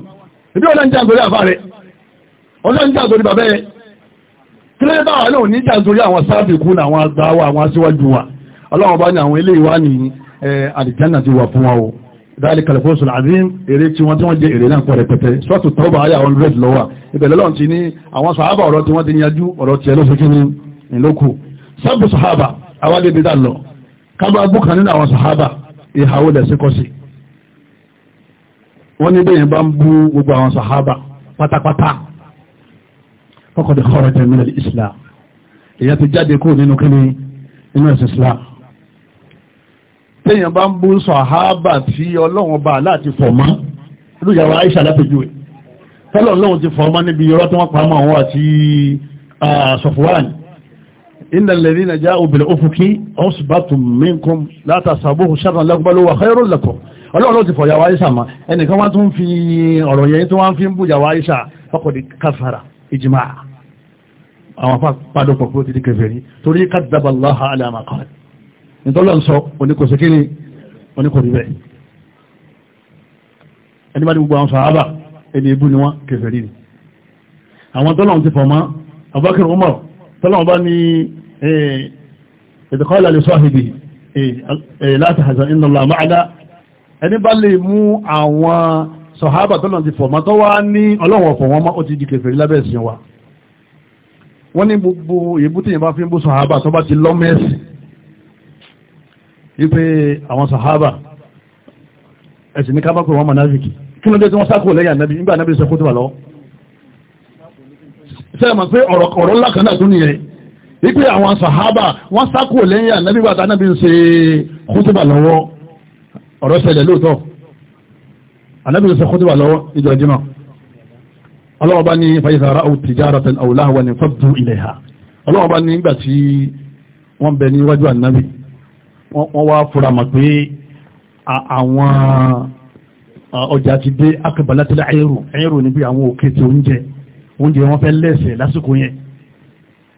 ìbí ọlọ́njà àgbèrè àfà rẹ̀ ọlọ́njà àgbèrè bàbá rẹ̀ kílẹ̀ bá wà lóò níjà nítorí àwọn sáàbìkú ní àwọn àgbà wa àwọn aṣíwájú wa ọlọ́wọ́n bá ní àwọn ilé ìwá ní àlìjánà ti wà fún wa o dáàlì kalifosul azim èrè tí wọ́n tí wọ́n jẹ èrè náà pọ̀rẹ̀ pẹ̀tẹ́ sọ́tù tọ́ba ayé àwọn rẹ̀ lọ́wà ìbẹ̀lẹ̀ lọ́n ti ní àwọn sàhábà ọ̀rọ̀ tí wọ́n ti bí dàlọ́ bá ń bú gbogbo àwọn sàhábà pátápátá faqad kharaja min al-islam èyàn ti jáde kó nínú kíni nínú ẹ̀sìn islam téèyàn bá ń bú sàhábà tí ọlọ́run bá láti fọ̀ mọ́ lóyàwó aisha lápẹjú ẹ̀ tọ́lọ̀ lọ́run ti fọ̀ níbi irọ́ tí wọ́n pa àwọn àti sọfúwàn innal ladhina ti fọ̀ yàwó aisha mọ́ ẹnìkan wọ́n tún fi ọ̀rọ̀ yẹn tí wọ́n fi ń bú yàwó aisha faqad kafara ijma' àwọn afá pàdópọ̀ fún ti di kèfèrí torí kàdàbà láha alàmàkàn nítọ́lọ́ ń sọ oníkòsíkiri oníkòrí bẹ́ẹ̀ ẹni bá ní gbogbo àwọn sàábà ẹni ibú ni wọ́n kèfèrí ni àwọn tọ́lọ́n ti fọ̀mọ́ Abubakar Umar tọ́lọ́n bá ní ìdíkọ́lá lè sọ́hìbì láti hàzà ìnàlá máàdá ẹni bá lè mú àwọn sàábà tọ́lọ́n ti fọ̀mọ́ tó wá ní ọlọ́wọ̀ fọ̀wọ́n mọ́ ó ti di kèfèrí lábẹ́ ìsìn wa wọ́n ní gbogbo èébú tí ìyẹ̀bá fi ń bú sàhábà tó bá ti lọ́mẹ́sì wípé àwọn sàhábà ẹ̀sìn ní kábàkùn wọn mọ̀náfíkì kí ló dé tí wọ́n sákò lẹ́yìn ànábì nígbà ànábì sọ kótó wà lọ sẹ́ẹ̀mọ̀ pé ọ̀rọ̀ ńlá kan gbà tánábì ṣe kótó lọ́wọ́ ọ̀rọ̀ ṣẹlẹ̀ lóòótọ́ ànábì ń ṣe ọlọ́wọ́ bá ní fayisara ó tijaratan aw lahwan ní faddu ilayha ọlọ́wọ́ bá ní nígbà tí wọ́n bẹ níwájú ànábì wọ́n wá fura mọ̀ pé àwọn ọjà ti dé akabalatil ẹ̀rù ẹ̀rù níbi àwọn òkè tí oúnjẹ oúnjẹ wọn fẹ́ lẹ́sẹ̀ lásìkò yẹn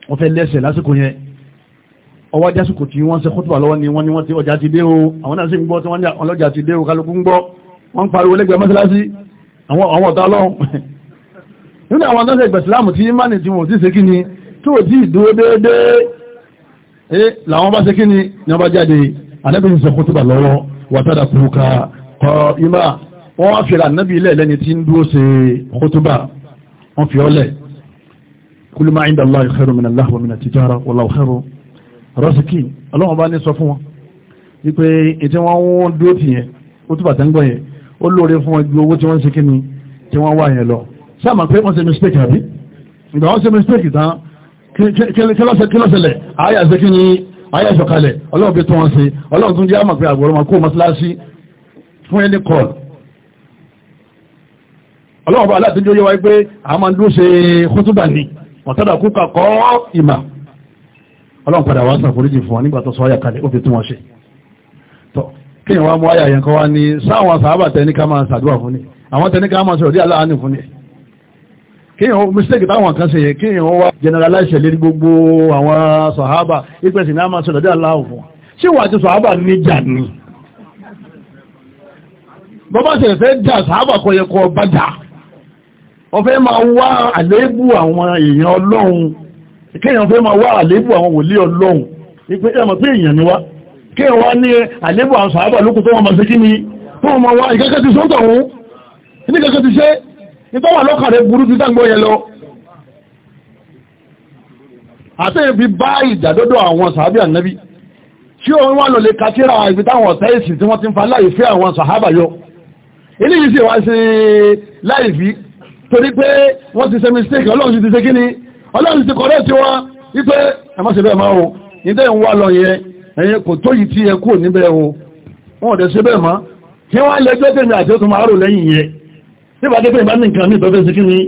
wọ́n fẹ́ lẹ́sẹ̀ lásìkò yẹn ọwọ́ jásìkò tí wọ́n ṣe kútùbà lọ́wọ́ ni wọ́n ni wọ́n ti ọjà ti dé o àwọn náà sì ń gbọ́ tí wọ́n ní ọlọ́jà ti dé o kálukú ń gbọ́ wọ́n ń pariwo lẹ́gbẹ̀ẹ́ mọ́sálásí àwọn ọ̀tá ọlọ́run (laughs) nínú àwọn tó ń ṣe ìgbẹ̀sìláàmù tí ìmánì tí wọ́n ti ṣe kí ni tí ò tí ìdúró déédéé eh làwọn bá ṣe kí ni ní ọba jáde anábìrin sọ kó tó bà lọ́wọ́ wàtàdà kúrúkà kọ ìmá wọ́n wá fìlà nábì ilẹ̀ lẹ́ni tí ń dúró ṣe kó tó bà wọ́n fi ọlẹ̀ kúlù máa ń dà láì xẹ́rù mi nàlá àbọ̀mí nàti jára wọ́lá ni tí wọ́n wá sáàmà pé wọ́n ṣe mistake àbí ìgbà wọ́n ṣe mistake tán kílọ́sẹ̀lẹ̀ àyàṣẹ́ kí ni àyàṣọ̀kalẹ̀ ọlọ́ọ̀bí tó wọ́n ṣe ọlọ́ọ̀tún jẹ́ àmà pé àgbọ̀rọ̀ ma kó mọ́síláṣí fún ẹni kọl ọlọ́ọ̀bá alátijọ́ yẹ wáyé pé a máa ń dún kí ni wọ́n mú àyà yẹn kọ́ wá ní sáwọn sàábà tẹni ká máa ṣàdúrà fún ni àwọn tẹni ká máa sọ̀rọ̀ dí aláàánú fún ni kíyàn mistake táwọn kan ṣe yẹ kíyàn wá generalize lérí gbogbo àwọn sọ̀hábà ìpẹ̀sì ní a máa sọ̀dọ̀dẹ́ aláwọ̀ fún ṣí wà ti sọ̀hábà ní jà ní bọ́bá ṣe fẹ́ jà sọ̀hábà kọ yẹ kọ bá jà ọfẹ́ máa wá àléébù àwọn èèyàn ọlọ́run kíyàn fẹ́ máa wá àléébù àwọn wòlíì ọlọ́run ìpẹ́ ẹ̀mọ̀ pé èèyàn ni wá kíyàn wá ní àléébù àwọn sọ̀hábà lókùn tó wọ́n máa ṣe ni tó wọ́n máa wá ìkẹ́kẹ́ ti sọ́tọ̀ òun ní kẹ́kẹ́ nítorí wà lọ́kàn rẹ̀ burú títà gbọ́ yẹn lọ àti ibi bá ìdàdọ́dọ̀ àwọn sàábì ànábì tí òun wà lọ́lẹ̀ kàtíra ibi táwọn ọ̀tá èsì tí wọ́n ti ń fa láìfẹ́ àwọn sàhábà yọ eléyìí sì wá sí láìfí torí pé wọ́n ti ṣe mistake ọlọ́run ti ṣe kí ni ọlọ́run ti kọ̀rẹ́ tí wọ́n wípé nígbà dé pé ìbá ní nǹkan ní ìtọ́fẹ́ sí kí ni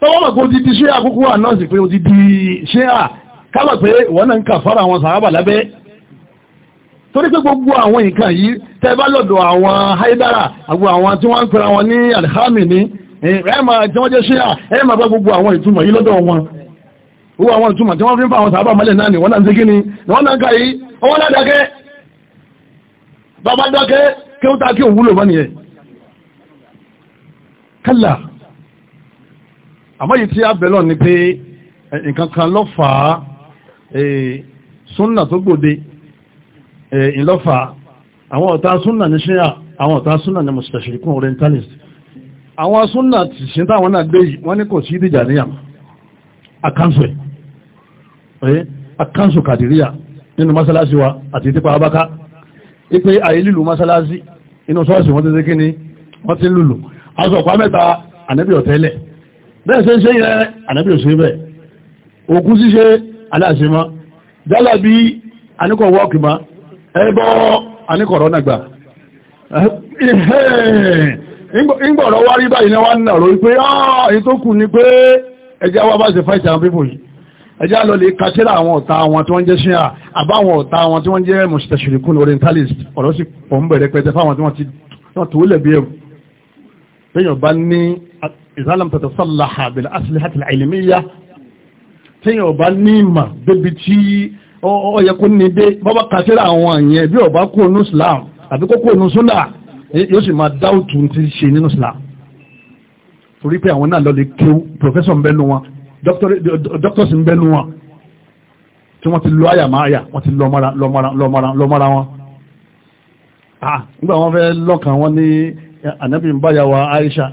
tọwọ́ mọ̀ pé ó ti di ṣé àkókò ànáàsì pé ó ti di ṣé à kábà pé wọ́n náà ń kà fara àwọn sàábà lábẹ́ torí pé gbogbo àwọn nǹkan yìí tẹ́ bá lọ́dọ̀ àwọn haidara àgbo àwọn tí wọ́n ń pera wọn ní alhami ní ẹ̀ẹ́mà tí wọ́n jẹ́ ṣé à kálà àmọ́ yìí tí a bẹ̀lọ̀ ni pé nǹkan kan ló fà á súnà tó gbòde ìlọ́fà àwọn ọ̀tá súnà ní ṣíyà àwọn ọ̀tá súnà ní mùsùlùmí orientalist àwọn súnà ti ṣe táwọn náà gbé yìí wọ́n ní kò sí ìdíjà níyà àkánsù ẹ̀ àkánsù kàdìríyà nínú mọ́sálásí wa àti ìtípa abáká ni wọ́n aṣọ ọ̀pá mẹ́ta ànábì ọ̀tẹ́lẹ̀ bẹ́ẹ̀ ṣe ń ṣe yẹ ànábì ò ṣe bẹ́ẹ̀ òkú ṣíṣe aláṣemọ́ jálàbí aníkọ̀ wọ́ọ̀kì mọ́ ẹbọ́ aníkọ̀ rọ́nà gbà ìgbọ̀rọ̀ wá rí báyìí wá nà rò wípé ọ́ọ̀ ah, tó kù ni pé ẹjá wá bá ṣe fáìtì orientalist ọ̀rọ̀ sì pọ̀ ń bẹ̀rẹ̀ pẹ̀tẹ́ fáwọn tí wọ́n téèyàn bá ní ìsálàm tẹ̀tẹ̀ sọ́làhà bẹ̀lẹ̀ asìlẹ̀ àti àìlèmíyà téèyàn bá ní ìmà débi tí ó yẹ kó ní dé bọ́bá kàṣírà àwọn àyẹn bí ọba kó onú islam àbí kó kó onú súnà yóò sì máa dáwùtù ti ṣe nínú islam torí pé àwọn náà lọ lè kéwú professor ń wọn doctors ń bẹ́nu wọn tí wọ́n ti lọ àyà máa yà wọ́n ti lọ́mọ́ra wọn. Ah, wọn ànábì ń báyà wa Aisha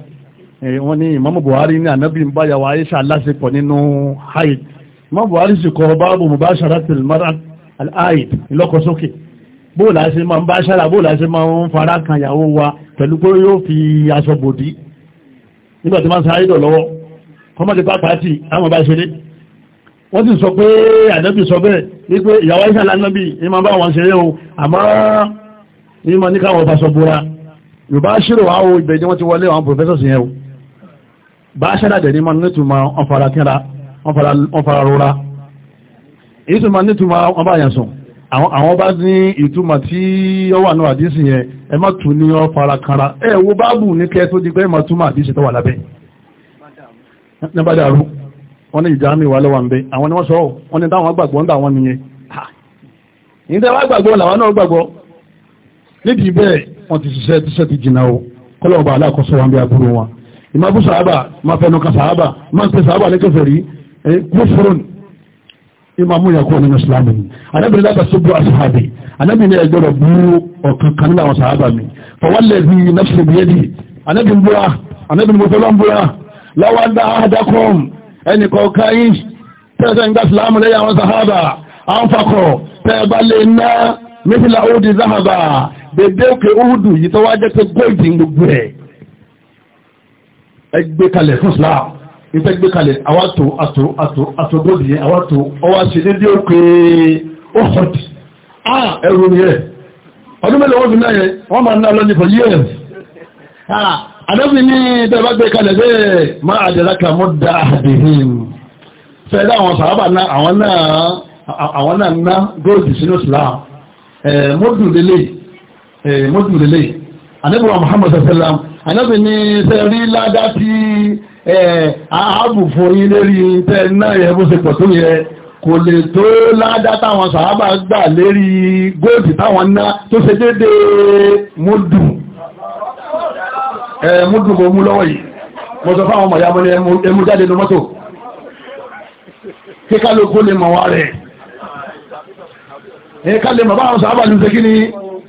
wọ́n ní Imam Buhari ní ànábì ń báyà wa Aisha lásìkò nínú haid Imam Buhari sì kọ báàbù mubasharatil mar'a al-haid ìlọ́kọsókè bóòlù àṣẹ máa ń bá ṣára bóòlù àṣẹ ń fara kan ìyàwó wa pẹ̀lú pé yóò fi aṣọ bòdì nígbà tí máa ń sáré dọ̀ lọ́wọ́ kọ́mọ́dé pápá tì àwọn bá ṣeré wọ́n ti sọ pé ànábì sọ bẹ́ẹ̀ wípé ìyàwó Aisha ìmọ̀ bá wọn ṣeré o àmọ́ ìmọ̀ ní káwọn ọba sọ bóra yorùbá ṣírò wá o ìbẹ̀jẹ́ wọ́n ti wọlé àwọn professors yẹn o bá ṣẹ́dàdẹ̀ ní ma nítumọ̀ ọ̀fara rọra ìtumọ̀ nítumọ̀ ọba àyànsùn àwọn bá ní ìtumọ̀ tí ó wà ní àdísì yẹn ẹ má tún ní ọ̀fara kanra ẹ wo báàbù ní kẹ́ tó di pé ẹ má túmọ̀ àdísì tó wà lábẹ́ nígbàdàrú wọ́n ní ìjámi wà lọ́wọ́ ńbẹ àwọn ni wọ́n sọ nídìí bẹ́ẹ̀ wọ́n ti ṣiṣẹ́ tíṣẹ́ ti jìnnà o kọ́lọ́ọ̀bà aláàkọ́sọ wọn bí aburú wọn ìmọ̀bú sàábà máa fẹ́nu ka sàábà máa ń pè sàábà lẹ́kẹ̀fẹ̀ rí kúfúrún ìmọ̀mú yakọ̀ nínú islamu ni anábìrin lábà tó bú àṣàbì anábìrin ẹgbẹ́rọ̀ bú ọ̀kan kan láwọn sàábà mi nafsi bí yẹ́dì anábìrin búra anábìrin mo fẹ́lọ́ búra lọ́wọ́ dá àdákọ́m ẹnì kọ̀ọ̀kan yìí tẹ́ẹ̀sẹ̀ ń gbá islamu lẹ́yìn àwọn dédé òkè òhùdù yìí tó wá jẹ́ pé góòdì gbogbo ẹ̀ ẹgbẹ́ kalẹ̀ fún Islam ìfẹ́ gbé kalẹ̀ àwátò àtò àtò àtò góòdì yẹn àwátò ọwá sí dédé òkè òhùdì ah ẹrù ni ẹ̀ ọdún mẹ́lẹ̀ wọ́n fi náà yẹn wọ́n máa ń ná lọ́ní for years ah àdọ́bì ní ìdẹ́gbà gbé kalẹ̀ bẹ́ẹ̀ máa àdẹ́lákà mọ́ dá àdìhìn fẹ́lẹ́ àwọn sàábà náà àwọn náà ná góòdì sínú Islam mọ́dún lélẹ́yìí Eh, mọ́sùn lélẹ̀ anábìwà muhammad sallam anábì ní sẹ́rí ládá tí ààbù fún yí lérí tẹ́ náà yẹ bó ṣe pọ̀ tó yẹ kò lè tó ládá táwọn sàábà gbà lérí góòdì táwọn ná tó ṣe dédé múdù eh, múdù kò mú lọ́wọ́ yìí lè mọ̀ wá rẹ̀ kíkálẹ̀ eh, mọ̀ báwọn sàábà ní ṣe kí ni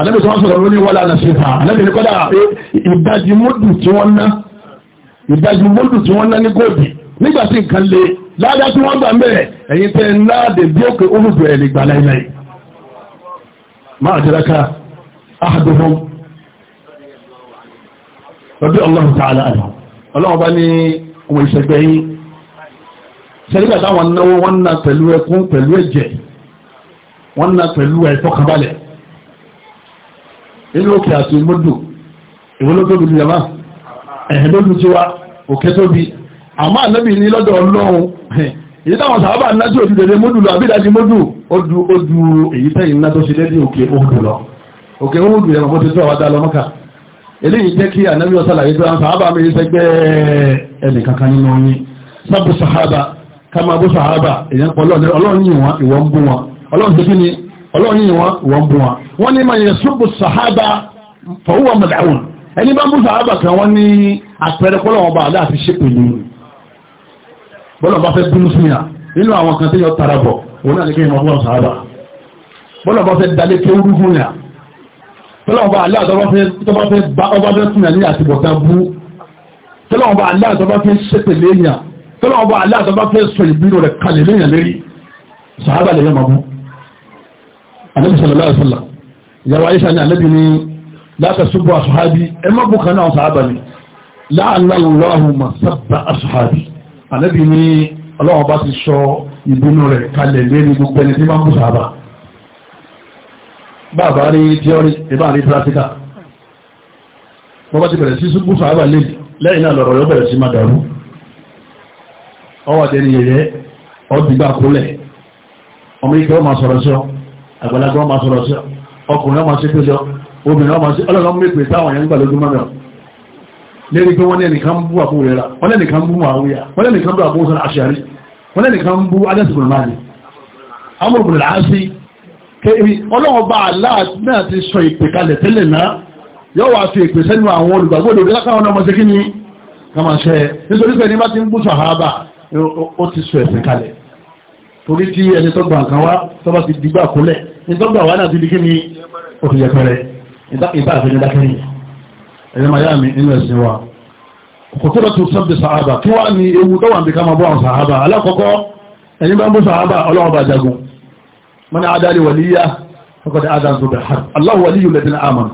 alẹ́bí tí wọ́n sọ̀rọ̀ lórí wọ́lá nàṣẹ́ fà alẹ́bí ní kọ́dà ìdájí mọ́dù tí wọ́n ná ìdájí mọ́dù tí wọ́n ná ní góòdì nígbà tí nǹkan le ládá tí wọ́n gbà ń bẹ̀rẹ̀ ẹ̀yin tẹ́ ńláàdè bí òkè olùgbẹ̀ ẹ̀lì gbà láìláì máa jẹ́rẹ́ká ahàdùnfún rọ̀bí ọlọ́run tààlà àdà ọlọ́run bá ní ọmọ ìṣẹ̀gbẹ̀ yìí ṣẹlẹ́gbà táwọn náwó wọ́n ná pẹ̀lú ẹkún pẹ̀lú ẹ̀jẹ̀ wọ́n ná pẹ̀lú ẹ̀tọ́kabalẹ̀ inú òkè àti mọ́dù ìwọ ló tóbi ní yàmá ẹ̀hẹ́ ló ti wá òkè tóbi àmọ́ ànábì ní lọ́dọ̀ ọlọ́run èyí táwọn sàábà ńlá tí òdìdè lé mọ́dù lọ àbídájí mọ́dù ojú ojú èyí tẹ́yìn ńlá tó ṣe lẹ́dí òkè òkè lọ òkè òkè ẹ̀rọ bó ti tó àwọn dálọ mọ́kà eléyìí jẹ́ kí ànábì ọ̀sàlàyé tó àwọn sàábà mi sẹ́gbẹ́ ẹnì kankan nínú yín ọlọ́run yìí wọn wọ́n bú wọn wọ́n ní máa yẹ ṣubú sàhábà fọwọ́ mọ̀dáwùn ẹni bá ń bú sàhábà kan wọ́n ní àpẹẹrẹ pọ́lọ́wọ́n bá aláà fi ṣépè ní bọ́lọ̀ bá fẹ́ bínú sí yà nínú àwọn kan tí yọ tara bọ̀ òun náà ní kí n mọ̀ fún sàhábà bọ́lọ̀ bá fẹ́ dalé tó rú fún yà tọ́lọ́wọ́n bá aláà tọ́bá fẹ́ bá ọba fẹ́ fún anabi sallallahu alaihi wasallam ìyàwó ayéṣà ní anabi ní látàṣubú àṣùhábí ẹ má bùkà náà sàábà ni láàlọ́lọ́hùnmá sábà àṣùhábí anabi ní ọlọ́wọ́ bá ti sọ ìbínú rẹ̀ kalẹ̀ lérí gbogbo ẹni tí máa ń bù sàábà bàbá rí tíọ́rí ìbá rí pírátíkà wọ́n bá ti bẹ̀rẹ̀ sí bù sàábà lẹ́yìn náà lọ̀rọ̀ yóò bẹ̀rẹ̀ sí máa dàrú ọwọ́ àtẹniyẹyẹ ọdìgbà kúlẹ̀ ọmọ ìkẹ́ ọmọ sọ̀rọ̀ sọ́ọ́ àgbàlagbà ọmọ sọ̀rọ̀ sí ọkùnrin ọmọ sí pẹ́sọ obìnrin ọmọ sí ọlọ́run mẹ́pẹ́ táwọn èèyàn gbà lójúmọ́ mẹ́rọ lérí pé wọ́n lẹ́nìkan ń bú àbú rẹ̀ rà wọ́n lẹ́nìkan ń bú àwúyà wọ́n lẹ́nìkan ń bú àbú sọ́nà àṣàrí wọ́n lẹ́nìkan ń bú adẹ́sìgbòmáàlì amúrùbùnrin láásí ọlọ́run bá aláà náà ti sọ ìpè kalẹ̀ tẹ́lẹ̀ náà yóò wá fi ìpè sẹ́nu àwọn olùgbàgbọ́ òdòdó lákàwọn ọmọ sí kí ni kàmáṣẹ́ nítorí pé ní bá ti ń bú sàhábà ó ti sọ ẹ̀sìn kalẹ̀ torí tí ẹni tó gbà kan wá tó bá ti dìgbà kúnlẹ̀ ní tó gbà wá náà ti di kí ni òfìyẹ pẹrẹ ìbá àfẹnú dákẹ́rì ẹ̀yẹ màyá mi nínú ẹ̀sìn wa kòtòrò tó sọ́bì sàábà kí wá ní ewu tó wà ní ká máa bọ́ àwọn sàábà alákọ̀ọ́kọ́ ẹni bá ń bú sàábà ọlọ́wọ́ bá jagun mọ́nà adáli wàlíyá ọkọ̀dá adáńtò bẹ̀ hàn aláwọ̀ wàlíyù lẹ́tìn àmàn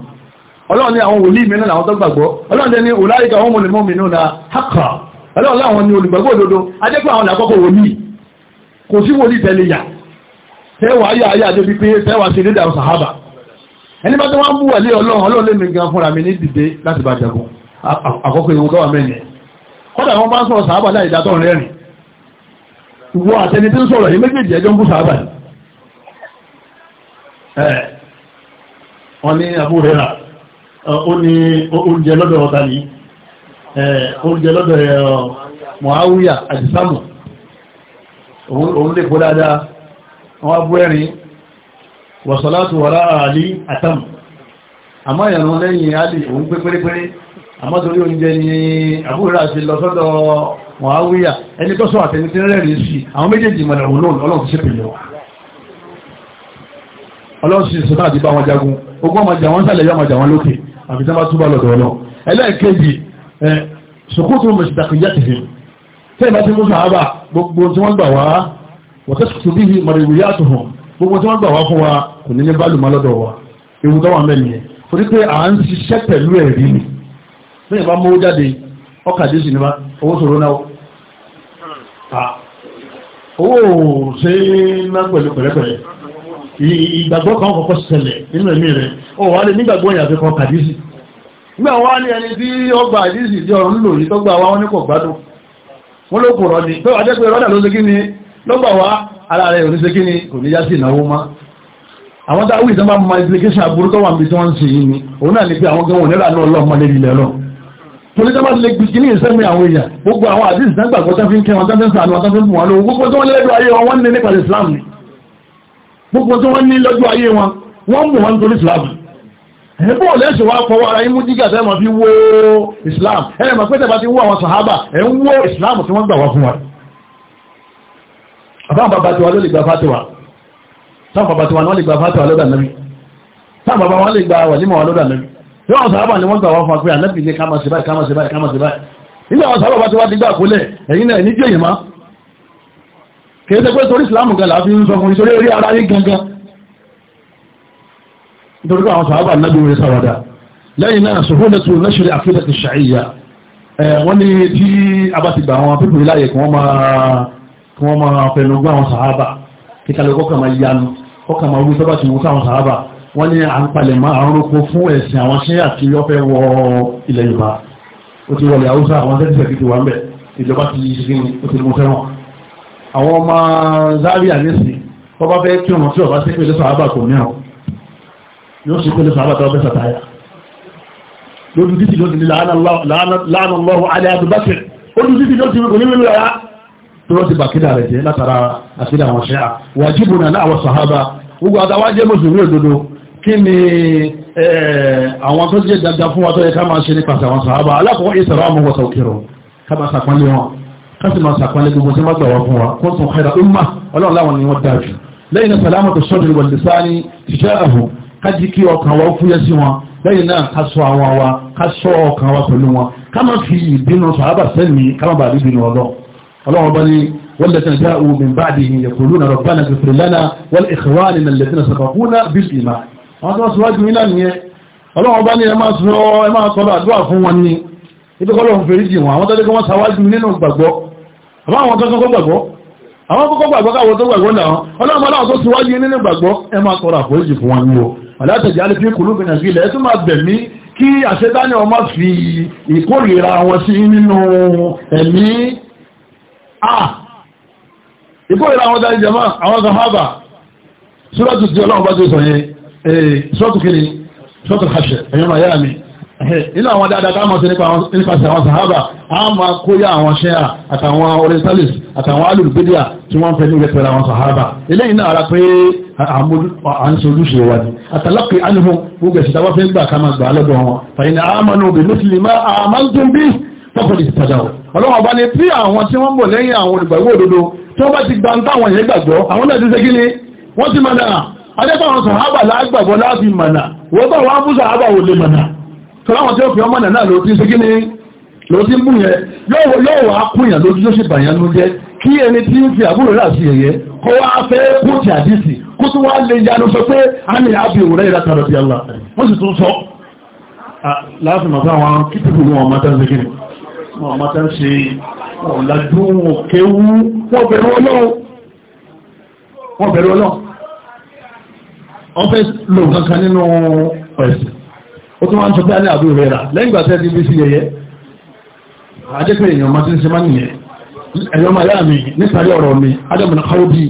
ọlọ́run ní àwọn wòlíì mìíràn àwọn tó gbàgbọ́ ọlọ́run ní ọláìka àwọn mọ̀lẹ́mọ́ mìíràn hàkà ọlọ́run láwọn olùgbàgbọ́ òdodo ajẹ́pẹ́ àwọn kò sí wòlíì tẹ́lẹ̀ yà tẹ́wàá ayé ayé àjọ bíi pé tẹ́wàá sí nídà sàhábà ẹni bá tó wá ń bú wàlé ọlọ́run ọlọ́run lè mi gan fúnra mi ní dìde láti bá jagun àkọ́kọ́ ìwọ̀n gọ́wà mẹ́rin kọ́dà wọn bá ń sọ̀rọ̀ sàhábà láì dátọ̀ rẹ́rìn ìwọ àtẹni tí ń sọ̀rọ̀ yìí méjèèjì ẹjọ́ ń bú sàhábà wọ́n ní abúrẹ́rà ó ní oúnjẹ lọ́dọ̀ ọ̀tá ní oúnjẹ lọ́dọ̀ Muawiya àdìsámù òun lè kó dáadáa wọ́n abú ẹ̀rin wọ̀sọ̀látù wọ́lá àlì àtàm àmá ìyànà lẹ́yìn àlì òun pé pérépéré àmá oúnjẹ ni àbúrà ti lọ sọ́dọ̀ wọ̀háwíyà ẹni tó sọ àtẹni tí rẹ̀rìn sí àwọn méjèèjì mọ̀lẹ̀ ọlọ́run sí pèlè wọn ọlọ́run sí sọ́tà àti bá wọn jagun ogún ọmọ jà wọn sálẹ̀ yọ ọmọ jà wọn lókè àbí tí wọ́n tẹ́lẹ̀ bá ti mú sàábà gbogbo tí wọ́n gbà wá mọ̀rẹ̀wì yàtọ̀ hàn gbogbo tí wọ́n gbà wá fún wa kò ní ní bálùmọ́ lọ́dọ̀ wa ewu tó mẹ́rin yẹn torí pé à ń ṣiṣẹ́ pẹ̀lú ẹ̀rí ni bẹ́ẹ̀ bá mówó jáde ọkàdé sí ni owó sọ̀rọ̀ náà owó ṣe ná pẹ̀lú pẹ̀lẹ́pẹ̀lẹ́ ìgbàgbọ́ kan kọ́kọ́ ṣẹlẹ̀ nínú ẹ̀mí rẹ̀ ó wà lè nígbàgbọ́ kàdísì nígbà ní ẹni tí ọgbà àdísì tí lò tọ́gbà ní gbádùn wọ́n ló kò rọ́dí pé wà jẹ́ pé rọ́dà ló ṣe kí ni lọ́gbà wá ara rẹ̀ òní ṣe kí ni kò ní yá sí ìnáwó má àwọn táwọn ìtàn bá ma implication aburú tó wà níbi tí wọ́n ń ṣe yìí ni òun náà ní pé àwọn gẹ́wọ̀n nílànà ọlọ́ọ̀mọ lè ilẹ̀ lọ torí tọ́ba lè gbé kí ní ìsẹ́mi àwọn èèyàn gbogbo àwọn àdìsí tán gbàgbọ́ tán fi ń kẹ́ wọn tán fi ń sàánú wọn tán fi ń fún wọn lówó gbogbo tó wọ́n lẹ́dọ̀ ayé wọn wọ́n ní nípa Islam ni gbogbo tó wọ́n ní lọ́jọ́ ayé wọn wọ́n mú wọn nítorí Islam nígbò lẹ́sùn wá fọwọ́ ara imú dígà tẹ́ ma fi wó islam ẹ̀rẹ̀ ma pẹ́tẹ̀ bá ti wó àwọn sàhábà ẹ̀ ń wó islam tí wọ́n gbà wá fún wa àbá bàbá tiwa ló lè gba fàtíwà sáà bàbá tiwa náà lè gba fàtíwà lọ́dà nàbí sáà bàbá wọn lè gba wàlímọ̀ wọn lọ́dà nàbí tí wọ́n sàhábà ni wọ́n gbà wá fún wa pé ànábì ní ká máa ṣe báyìí ká máa ṣe báyìí ká máa ṣe báyìí nígbà wọn sàhábà tiwa ti gbà kólẹ̀ náà islam gan la fi ń sọ fún ìṣòro eré ara yín gangan nítorí àwọn sàábà náà bí wọ́n sáwádà lẹ́yìn náà sọ̀hónẹ́tù lẹ́ṣẹ̀rẹ̀ àfihàn ṣàìyà wọ́n ní tí a bá ti gbà àwọn pípìrì láyè kí wọ́n máa fẹnu àwọn sàábà kíkàlẹ̀ kọ́kà máa yanu kọ́kà máa wú sọ́bà tí wọ́n sáwọn sàábà wọ́n ní à ń palẹ̀ máa àrùn roko fún ẹ̀sìn àwọn ṣẹ́ àti ọ̀fẹ́ wọ ilẹ̀ Yorùbá ó ti wọlé Haúsá àwọn sẹ́tìsẹ̀ kìtì wà ń bẹ̀ ìjọba ti ṣe kí ó ti mú fẹ́ràn àwọn ọmọ Zaria nísìn wọ́n fẹ́ kí wọn tí ọba sí pé kò ní yóò sì pé ní sàbàtà ọbẹ̀ sàtàyà lójú títí ló ti ní láàánà lọ́wọ́ alẹ́ àdúbákẹ̀ ojú títí ló ti rí onílé lọ́yà tó lọ́ti bàkídà rẹ̀ jẹ́ látara àkídà wọn ṣe à wàjíbù náà láwọn sàhábà gbogbo àtàwà jẹ́ mùsùlùmí òdodo kí ni àwọn tó jẹ́ dandan fún wa tó yẹ ká máa ṣe nípasẹ̀ àwọn sàhábà alákọ̀ọ́ ìsọ̀rọ̀ àmọ́ wọ̀sọ̀ ká máa sàpánlé wọn ká sì máa sàpánlé gbogbo kájí kí ọkàn wa ó fúyẹ́ sí wọn lẹ́yìn náà ká sọ àwọn wa ká sọ ọkàn wa pẹ̀lú wọn ká má fi ìbínú sàábà sẹ́ni ká má bàa bíbínú ọlọ́ ọlọ́run bá ní والذين جاءوا من بعدهم يقولون ربنا اغفر لنا ولإخواننا الذين سبقونا بالإيمان هذا سواجه هنا نيه ọlọ́run bá ní ẹ máa sọ ẹ máa sọ́lọ́ àdúrà fún wọn ní ìdíkọ́lọ́run fèríjì wọn àwọn tọ́lẹ́kọ́ wọ́n sáwájú nínú gbàgbọ́ àwọn tọ́kọ́ gbàgbọ́ àwọn kọ́kọ́ gbàgbọ́ káwọn tó gbàgbọ́ náà ọlọ́run bá láwọn tó síwájú nínú gbàgbọ́ ẹ máa sọ́rọ̀ àforíjì fún wọn ní o ọ̀látẹ̀jẹ́ alẹ́ fi kùlùmí nàìjíríà ilẹ̀ tó máa bẹ̀mí kí àṣẹ́dáni ọmọ fi ìkórìíra wọn sí nínú ẹ̀mí à ìkórìíra wọn dárí jẹmọ́ àwọn sahaba sọ́tù tí ọlọ́run bá tó sọ yẹn eh, (laughs) nínú àwọn dáadáa táwọn ti nípasẹ̀ àwọn sàhábà a máa kóyá àwọn ṣẹ́à àtàwọn orientalist àtàwọn alùbídíà tí wọ́n fẹ́ ní ìrẹ́pẹ̀lẹ̀ àwọn sàhábà eléyìí náà ara pé à ń solúṣe wa ni àtàlápẹ̀ anìhun gbogbo ẹ̀sìn tàbá fẹ́ gbà ká máa gbà lọ́dọ̀ wọn fàyínà àmànà obì mùsùlùmí àmàntún bí tọ́kùnrin ìtajà ọlọ́wọ́n ọba ni tí àwọn tí wọ́n bọ̀ lẹ́yìn àwọn olùgbàgbọ́ òdodo tí wọ́n bá ti gba táwọn yẹn gbàgbọ́ àwọn náà ti ṣe kí ni wọ́n ti mọ̀nà adẹ́gbàwọn sàhábà lágbàgbọ́ láti mọ̀nà wọ́n bá wọn bú sàhábà ò lè mọ̀nà tọ́láwọn tí ó fi ọmọ nà náà ló ti ṣe kí ni ló ti mú yẹn yóò wá kúnyà lójú tó ṣe bàyàn ló jẹ́ kí ẹni tí ń fi àbúrò rà sí ẹ̀yẹ kó wá fẹ́ kóòtì àdìsí kó tún wá lè yanu sọ pé a ní àbí òwúrẹ́ ìlà tàbí ti Allah wọ́n sì tún sọ láàfin màtá àwọn kíkìkù wọn ọmọ tán ṣe kí wọn ọmọ tán ṣe ọ̀làjú wọn kéwú wọn ó tún wá ń sọ pé alẹ́ àbúrò rẹ̀ rà lẹ́yìn ìgbà tẹ́ ti bí sí yẹyẹ àjẹ́pẹ́ èèyàn máa ti ń se máa nìyẹn ẹ̀yọ́ máa yá mi nítorí ọ̀rọ̀ mi adamu na káwọ́ bí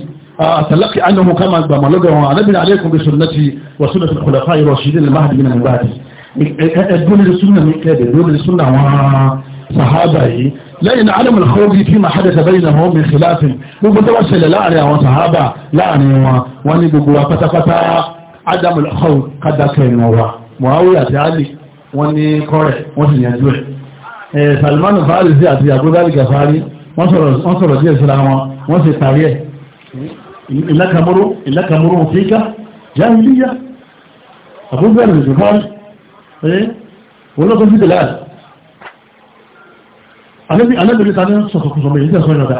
àtàlákì ánàmù ká máa gbàmọ̀ lọ́dọ̀ wọn alábìnrin alaykum bí sọ̀rọ̀ láti wàsó lọ́sọ̀ kọ̀lá fáyé rọ̀ ṣídé lẹ́mọ́ àdìmí náà gbáàdì ẹgbẹ́lẹ̀ súnà mi kẹ́ẹ̀dẹ̀ lórílẹ̀ súnà wọn sàhábà yìí muhawi àti ali wọ́n ní kọ́rẹ̀ wọ́n sì yanjú ẹ̀ salman farisi àti abudulayi gafari wọ́n sọ̀rọ̀ díẹ̀ síra wọn wọ́n sì parí ẹ̀ ìlàkàmúrú ìlàkàmúrú òfíkà jáìlíyà àbúgbẹ̀rẹ̀ ìjọfán ẹ́ olóòtú sí ìdílá alẹ́bìnrin tàbí sọ̀kọ̀kọ̀sọ̀mọ̀ èyí tẹ́sọ̀ ìrọ̀dá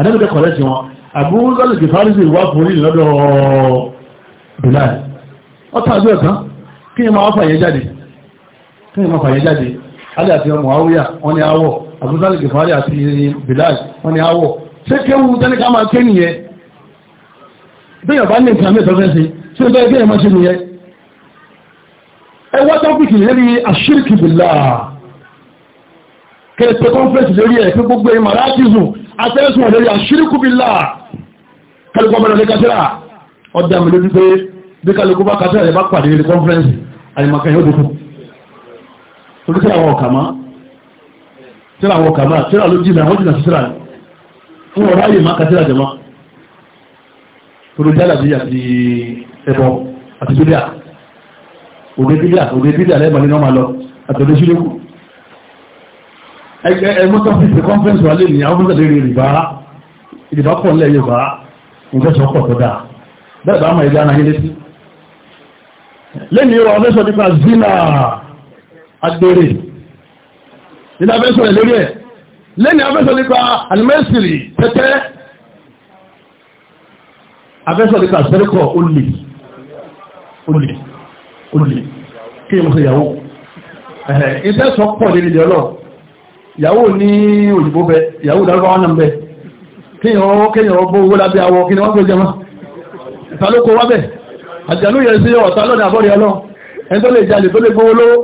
alẹ́bìnrin kọ̀rẹ́ sí wọn àbúgbẹ̀rẹ̀ ìjọfán sí ìwà fún ìlọ́dọ̀ kí ni máa fàyẹ jáde kí ni máa fàyẹ jáde alì àti ọmọ àwúyà wọ́n ni àwọ̀ àbúsálì gẹ̀fàárì àti bilal wọ́n ni àwọ̀ ṣé kéwù tẹ́lẹ̀ká máa ké nìyẹ bẹ́yàn bá ní nǹkan mẹ́ tọ́fẹ́sí tí ó bẹ́ẹ̀ bẹ́ẹ̀ máa ṣe nìyẹ ẹ wá tọ́pìkì lérí àṣírìkì bìlá kẹtẹ kọ́nfẹ́sì lórí ẹ̀ pé gbogbo ẹ̀ màrátìzù atẹ́sùn lórí àṣírìkì bìlá kálukọ́ bẹ̀rẹ̀ lẹ́kàtẹ́rà ọ̀dà mi lójú pé bí kálukú bá kátà ẹ̀ bá pàdé ní kọ́nfẹ́rẹ́nsì àyèmọ̀kẹ́ yóò dúkú torí sí àwọn ọ̀kàmá sí àwọn ọ̀kàmá sí àwọn olójìnà àwọn jìnà sísíra fún ọ̀rá yìí máa kátà jẹ̀mọ́ torí jálà bí àti ẹ̀bọ àti bídíà òde bídíà òde bídíà lẹ́ẹ̀mọ̀ nínú ọmọ lọ àtọ̀dé sílékù ẹgbẹ́ ẹmọ́tọ́ fífi kọ́nfẹ́rẹ́nsì wà lè ní àwọn fúnṣẹ́ lè rí ìbá ìdìbá pọ̀ nílẹ̀ Yorùbá ìjọ́sọ̀ pọ̀ tó dáa bẹ́ẹ̀ bá máa ìdí anáyé létí lẹ́ni ọ̀rọ̀ ọ̀fẹ́sọ̀ nípa zina agbèrè nínú afẹ́sọ̀ rẹ̀ lórí ẹ̀ lẹ́ni afẹ́sọ̀ nípa alimẹ́sìrì tẹ́tẹ́ afẹ́sọ̀ nípa sẹ́ríkọ̀ olè olè olè kí ìmọ̀ sí ìyàwó ẹ̀hẹ̀ ìfẹ́sọ̀ pọ̀ lórí ilẹ̀ ọlọ́ ìyàwó ní òyìnbó bẹ ìyàwó dárúbáwá náà bẹ kí ìyàwó kí ìyàwó gbówó lábẹ́ awọ kí ni wọ́n gbé jẹ mọ́ ìtàlókò wá bẹ́ẹ̀ àjálù yẹ sí ọ̀tá lọ́dà àbọ̀rẹ̀ ọlọ́ ẹni tó lè jalè tó lè gbówó lówó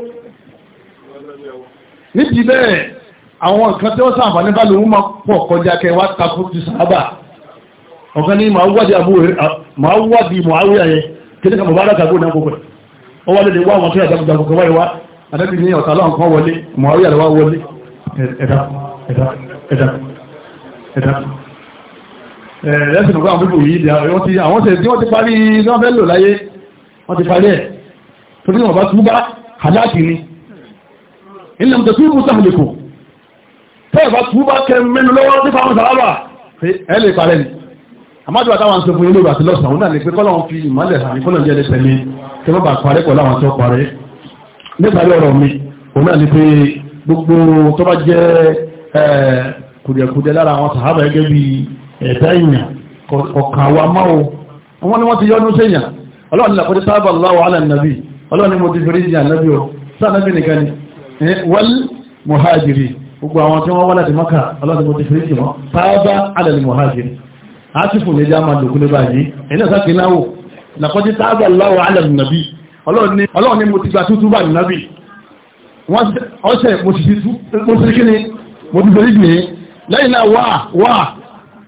nídìí bẹ́ẹ̀ àwọn nǹkan tí wọ́n sàǹfààní bá lòun máa pọ̀ kọjá kẹ wá takú ti sàábà ọ̀kan ní màá wádìí Muawiya yẹ ẹ̀dá ẹ̀dá ẹ̀dá ẹ̀dá Eh, lẹ́sìn nǹkan àwọn pípò yìí wọ́n ti àwọn ṣe tí wọ́n ti parí náà fẹ́ lò láyé wọ́n ti parí ẹ̀ tó bí wọ́n bá túbá àdáàkì ni ilẹ̀ mọ̀tẹ̀ tí ó sàmì lèkò tẹ́ bá túbá kẹ mẹ́nu lọ́wọ́ tí fáwọn sàrábà ẹ lè parẹ́ ni àmájúwà táwọn sọ fún ilé ìbàtí lọ́sàn náà ni pé kọ́lọ̀ fi ìmọ̀lẹ̀ àmì kọ́lọ̀ jẹ́ lẹ́sẹ̀ mi tẹ́ bá parẹ́ pẹ̀lú àwọn tó parẹ́ nígbàlẹ́ ọ̀rọ̀ mi òun náà ni pé gbogbo tó bá jẹ́ eh, kùdẹ̀kùdẹ̀ lára àwọn sàhábà gẹ́gẹ́ bíi ẹ̀dá èèyàn ọ̀kan wa máa o wọ́n ni wọ́n ti yọ́nú séèyàn ọlọ́run nílẹ̀ kọjá sábà láwọ̀ alànàbí ọlọ́run ni mo ti fèrè ìyàn nàbí o sáànàbí nìkan ni wọ́n mọ̀háàjìrì gbogbo àwọn tí wọ́n wá láti mọ́kà ọlọ́run mo ti fèrè ìyàn sáábà alàlì lẹ́yìn náà wà wà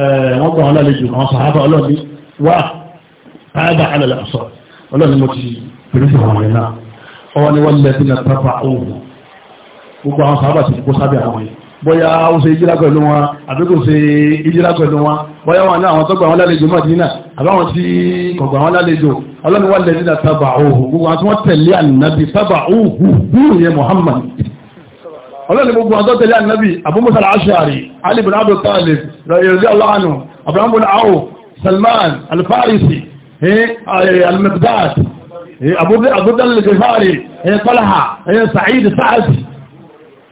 Eh, wọ́n gbọ́n lálejò àwọn sàhábà ọlọ́ni wà áádà alẹ́lẹ́ àṣọ ọlọ́ni mo ti pèrè sí àwọn ìlànà ọwọ́ ni wọ́n lẹ́bí na pápá òhun gbogbo àwọn sàhábà ti kó sábẹ́ àwọn yìí bóyá ó ṣe ìjírá pẹ̀lú wọn àbí kò ṣe ìjírá pẹ̀lú wọn bóyá wọn ní àwọn tó gbà wọn lálejò Mádínà àbáwọn tí kò gbà wọn lálejò ọlọ́ni wọ́n lẹ́bí na tábà òhun gbogbo àwọn tí wọ́n tẹ̀lé ànàbì tábà òhun búrú yẹn Muhammad ọlọ́ni gbogbo ọ̀tọ́ tẹ̀lé ànábì abúmọ́sára aṣáàrí alìbìnà abu talib rẹ̀rẹ̀ aláàánú abrahamu ahu salman alfarisi eh, almagdad abudalil gifari talaha sa'id sa'adi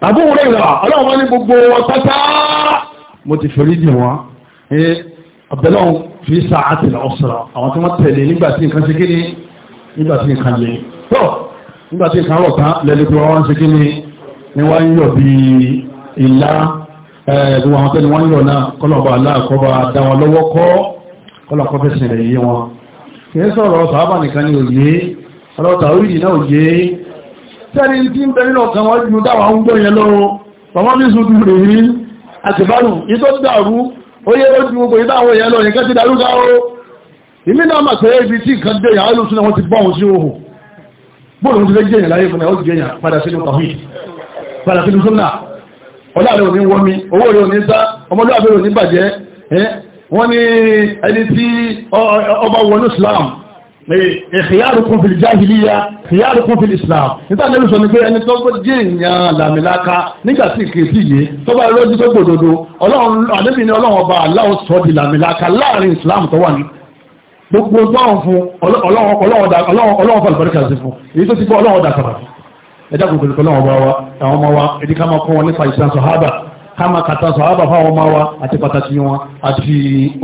abu hurairah ọlọ́wọ́ ní gbogbo ọ̀tọ́ta mo ti fẹ̀rí dì wọ́n abdullahi fi sa'ati al-usra àwọn tí wọ́n tẹ̀lé nígbàtí nǹkan ṣe kí ni nígbàtí nǹkan lè tó nígbàtí nǹkan rọ̀ tán lẹ́lẹ́gbẹ̀rẹ̀ ni wọ́n ń yọ̀ bí ilá ẹ̀ẹ́dùn àwọn tẹ́ni wọ́n ń yọ̀ náà kọ́lọ̀bà aláàkọ́bà dá wọn lọ́wọ́ kọ́ kọ́lọ̀kọ́ fẹ́sìn rẹ̀ yé wọn kìí sọ̀rọ̀ sàábà nìkan ni òye ọlọ́ta orílẹ̀ náà òye tẹ́ni tí ń bẹ̀rẹ̀ náà kan wọ́n ju dáwà ń gbọ́ yẹn lọ́wọ́ bàbá mi sùn tún rè rí àtìbárù ìtọ́ dàrú ó yẹ ó ju gbogbo ìdáwọ̀ yẹn lọ padà sínú súnà ọláàrẹ òní wọmi owó rẹ̀ òní sá ọmọlúwàbí òní bàjẹ́ wọ́n ní ẹni tí ọba wọnú Islam khiyarukum fil jahiliya khiyarukum fil Islam nígbà tẹ́lú sọ ní pé ẹni tó jẹ́ èèyàn làmìláka nígbà tí kèsì yìí tó bá rọ́jú tó gbòdòdó ọlọ́run àdébì ni ọlọ́run ọba aláwọ̀ sọ di làmìláka láàrin Islam tó wà ní gbogbo ọlọ́run fún ọlọ́run fún àlùbáríkà sí fún èyí tó ti bọ́ ọlọ́run dà sábà fún ẹ̀dá kò tòlùkọ́ náà wá wa àwọn ọmọ wa èdè ká máa kọ́ wọn nípa ìsàn sọ̀hábà ká máa kàtà sọ̀hábà fáwọn ọmọ wa àti pàtàkì wọn àti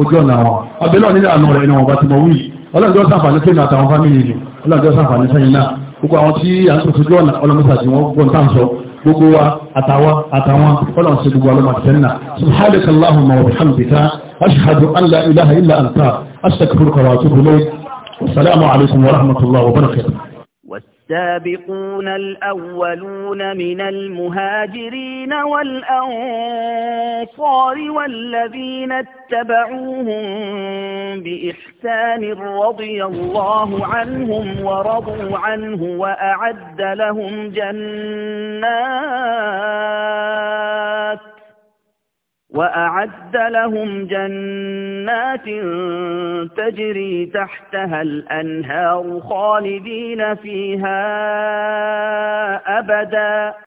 ojú ọ̀nà wọn abẹ́lẹ́ ọ̀nà ìlànà rẹ̀ ni wọn bá ti mọ̀ wí ọlọ́dún sàǹfààní sẹ́yìn àtàwọn fámìlì ni ọlọ́dún sàǹfààní sẹ́yìn náà gbogbo àwọn tí à ń tòṣojú ọ̀nà ọlọ́mọsàdì wọn gbọ́n tá à ń sọ gbogbo wa àtàwọn àtàwọn ọlọ́run sí gbogbo ọlọ́mọsàdì náà subhanaka allahumma wa bihamdika ashhadu an la ilaha illa anta astaghfiruka wa atubu ilayk assalamu alaykum wa rahmatullahi wa barakatuh السابقون الأولون من المهاجرين والأنصار والذين اتبعوهم بإحسان رضي الله عنهم ورضوا عنه وأعد لهم جنات وأعد لهم جنات تجري تحتها الأنهار خالدين فيها أبدا